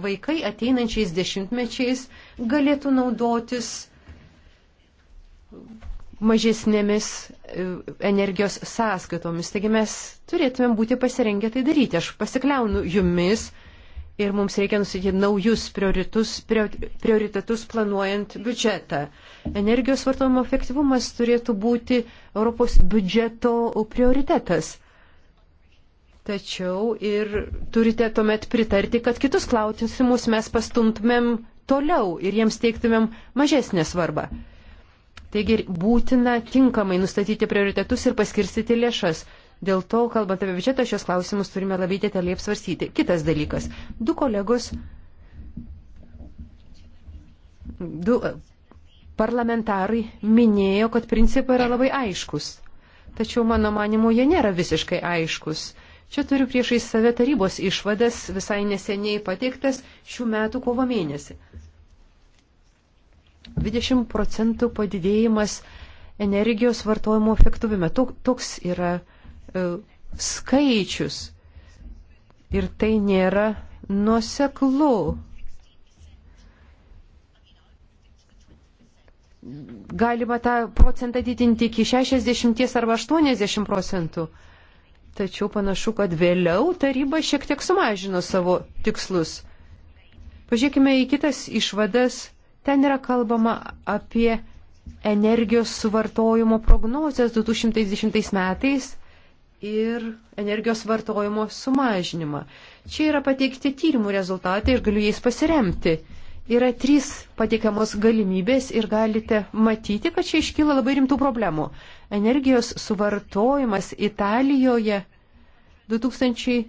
vaikai ateinančiais dešimtmečiais galėtų naudotis mažesnėmis energijos sąskaitomis. Taigi mes turėtumėm būti pasirengę tai daryti. Aš pasikliaunu jumis ir mums reikia nusityti naujus prioritus, prioritetus planuojant biudžetą. Energijos vartojimo efektyvumas turėtų būti Europos biudžeto prioritetas. Tačiau ir turite tuomet pritarti, kad kitus klausimus mes pastumtumėm toliau ir jiems teiktumėm mažesnę svarbą. Taigi būtina tinkamai nustatyti prioritetus ir paskirstyti lėšas. Dėl to, kalbant apie biudžetą, šios klausimus turime labai detaliai apsvarstyti. Kitas dalykas. Du kolegos, du e, parlamentarai minėjo, kad principai yra labai aiškus. Tačiau, mano manimu, jie nėra visiškai aiškus. Čia turiu priešai save tarybos išvadas, visai neseniai pateiktas šių metų kovo mėnesį. 20 procentų padidėjimas energijos vartojimo efektyvume. Toks yra e, skaičius ir tai nėra nuseklu. Galima tą procentą didinti iki 60 arba 80 procentų. Tačiau panašu, kad vėliau taryba šiek tiek sumažino savo tikslus. Pažiūrėkime į kitas išvadas Ten yra kalbama apie energijos suvartojimo prognozes 2010 metais ir energijos vartojimo sumažinimą. Čia yra pateikti tyrimų rezultatai ir galiu jais pasiremti. Yra trys pateikiamos galimybės ir galite matyti, kad čia iškyla labai rimtų problemų. Energijos suvartojimas Italijoje 2000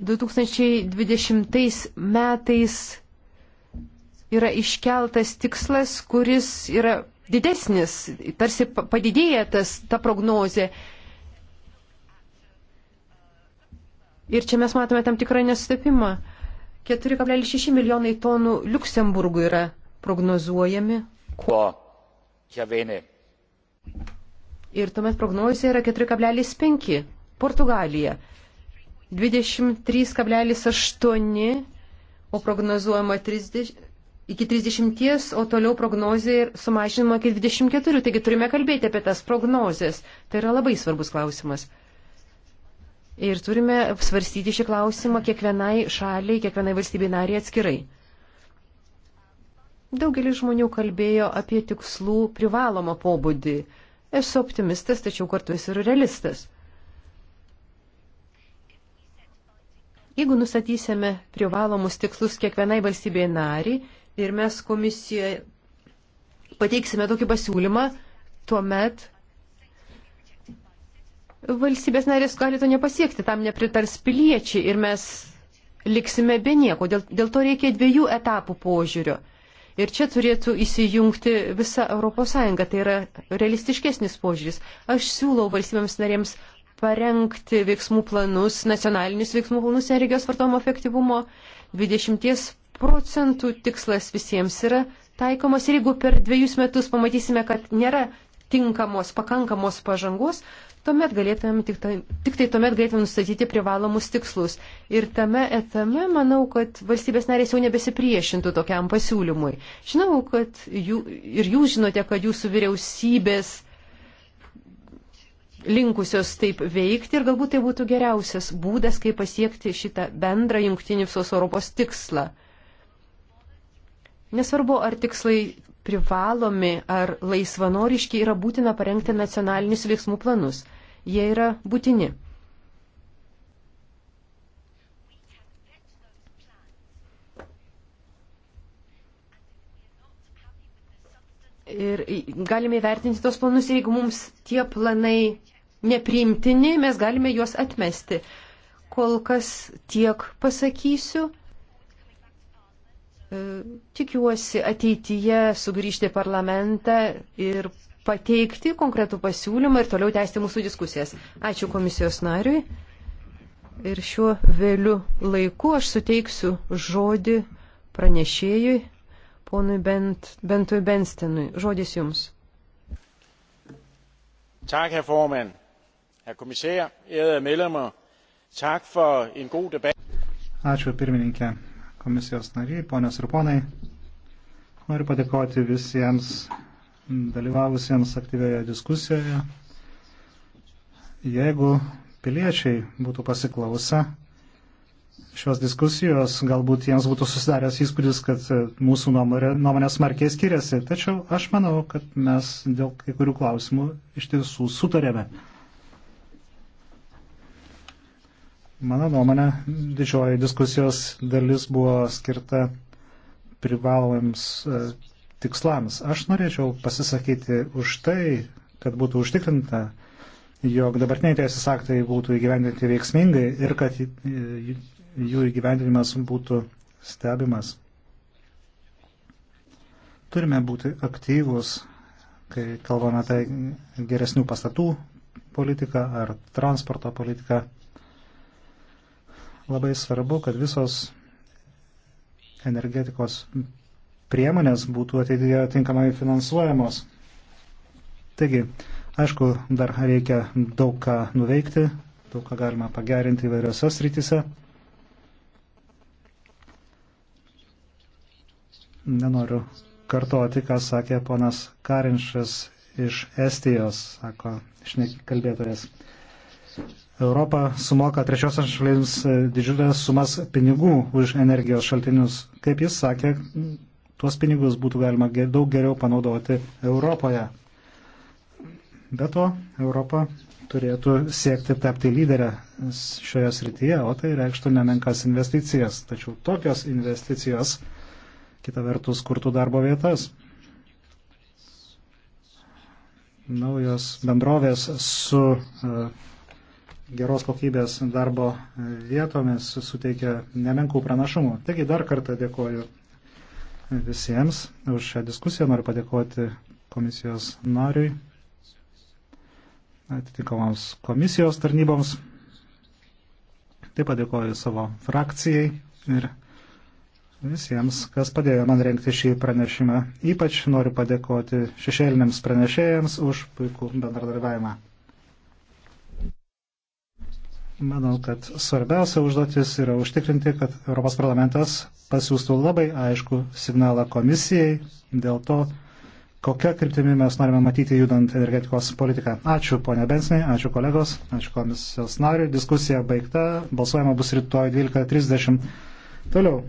2020 metais yra iškeltas tikslas, kuris yra didesnis, tarsi padidėja tas, ta prognozė. Ir čia mes matome tam tikrą nesutapimą. 4,6 milijonai tonų Luksemburgų yra prognozuojami.
Kuo? Javenė.
Ir tuomet prognozija yra 4,5. Portugalija 23,8, o prognozuojama 30, iki 30, o toliau prognozija ir sumažinama iki 24. Taigi turime kalbėti apie tas prognozijas. Tai yra labai svarbus klausimas. Ir turime svarstyti šį klausimą kiekvienai šaliai, kiekvienai valstybei nariai atskirai. Daugelis žmonių kalbėjo apie tikslų privalomą pobūdį. Esu optimistas, tačiau kartu esu ir realistas. Jeigu nustatysime privalomus tikslus kiekvienai valstybėje nariai ir mes komisijoje pateiksime tokį pasiūlymą, tuomet valstybės narės gali to nepasiekti, tam nepritars piliečiai ir mes liksime be nieko. Dėl, dėl to reikia dviejų etapų požiūrio. Ir čia turėtų įsijungti visa ES, tai yra realistiškesnis požiūris. Aš siūlau valstybėms narėms parengti veiksmų planus, nacionalinius veiksmų planus energijos vartojimo efektyvumo. 20 procentų tikslas visiems yra taikomas ir jeigu per dviejus metus pamatysime, kad nėra tinkamos, pakankamos pažangos, tuomet galėtumėm tik, ta, tik tai tuomet galėtumėm nustatyti privalomus tikslus. Ir tame etame manau, kad valstybės narės jau nebesipriešintų tokiam pasiūlymui. Žinau, kad jų, ir jūs žinote, kad jūsų vyriausybės linkusios taip veikti ir galbūt tai būtų geriausias būdas, kaip pasiekti šitą bendrą jungtinį visos Europos tikslą. Nesvarbu, ar tikslai privalomi ar laisvanoriški, yra būtina parengti nacionalinius veiksmų planus. Jie yra būtini. ir galime įvertinti tos planus ir jeigu mums tie planai nepriimtini, mes galime juos atmesti. Kol kas tiek pasakysiu. E, tikiuosi ateityje sugrįžti į parlamentą ir pateikti konkretų pasiūlymą ir toliau tęsti mūsų diskusijas. Ačiū komisijos nariui. Ir šiuo vėliu laiku aš suteiksiu žodį pranešėjui, ponui Bent, Bentui Benstinui. Žodis jums.
Tak, herr Forman herr kommissær, ærede medlemmer, tak for en god debat. Ačiū pirmininkė, komisijos nariai, ponios ir ponai. Noriu padėkoti visiems dalyvavusiems aktyvioje diskusijoje. Jeigu piliečiai būtų pasiklausę šios diskusijos, galbūt jiems būtų susidaręs įspūdis, kad mūsų nuomonės smarkiai skiriasi. Tačiau aš manau, kad mes dėl kai kurių klausimų iš tiesų sutarėme. Mano nuomonė, didžioji diskusijos dalis buvo skirta privalomiems e, tikslams. Aš norėčiau pasisakyti už tai, kad būtų užtikrinta, jog dabartiniai teisės aktai būtų įgyvendinti veiksmingai ir kad e, jų įgyvendinimas būtų stebimas. Turime būti aktyvus, kai kalbame apie geresnių pastatų politiką ar transporto politiką. Labai svarbu, kad visos energetikos priemonės būtų ateityje tinkamai finansuojamos. Taigi, aišku, dar reikia daug ką nuveikti, daug ką galima pagerinti įvairiose srityse. Nenoriu kartoti, ką sakė ponas Karinšas iš Estijos, sako šnekalbėtojas. Europa sumoka trečiosios šalims e, didžiulės sumas pinigų už energijos šaltinius. Kaip jis sakė, tuos pinigus būtų galima daug geriau panaudoti Europoje. Be to, Europa turėtų siekti tapti lyderę šioje srityje, o tai reikštų nemenkas investicijas. Tačiau tokios investicijos, kita vertus, kurtų darbo vietas. Naujos bendrovės su uh, geros kokybės darbo vietomis suteikia nemenkų pranašumų. Taigi dar kartą dėkoju visiems už šią diskusiją. Noriu padėkoti komisijos nariui, atitinkamoms komisijos tarnyboms. Taip pat dėkoju savo frakcijai ir visiems, kas padėjo man renkti šį pranešimą. Ypač noriu padėkoti šešėliniams pranešėjams už puikų bendradarbiavimą. Manau, kad svarbiausia užduotis yra užtikrinti, kad Europos parlamentas pasiūstų labai aišku signalą komisijai dėl to, kokią kryptimį mes norime matyti judant energetikos politiką. Ačiū ponia Bensnai, ačiū kolegos, ačiū komisijos nariui. Diskusija baigta, balsuojama bus rytoj 12.30. Toliau.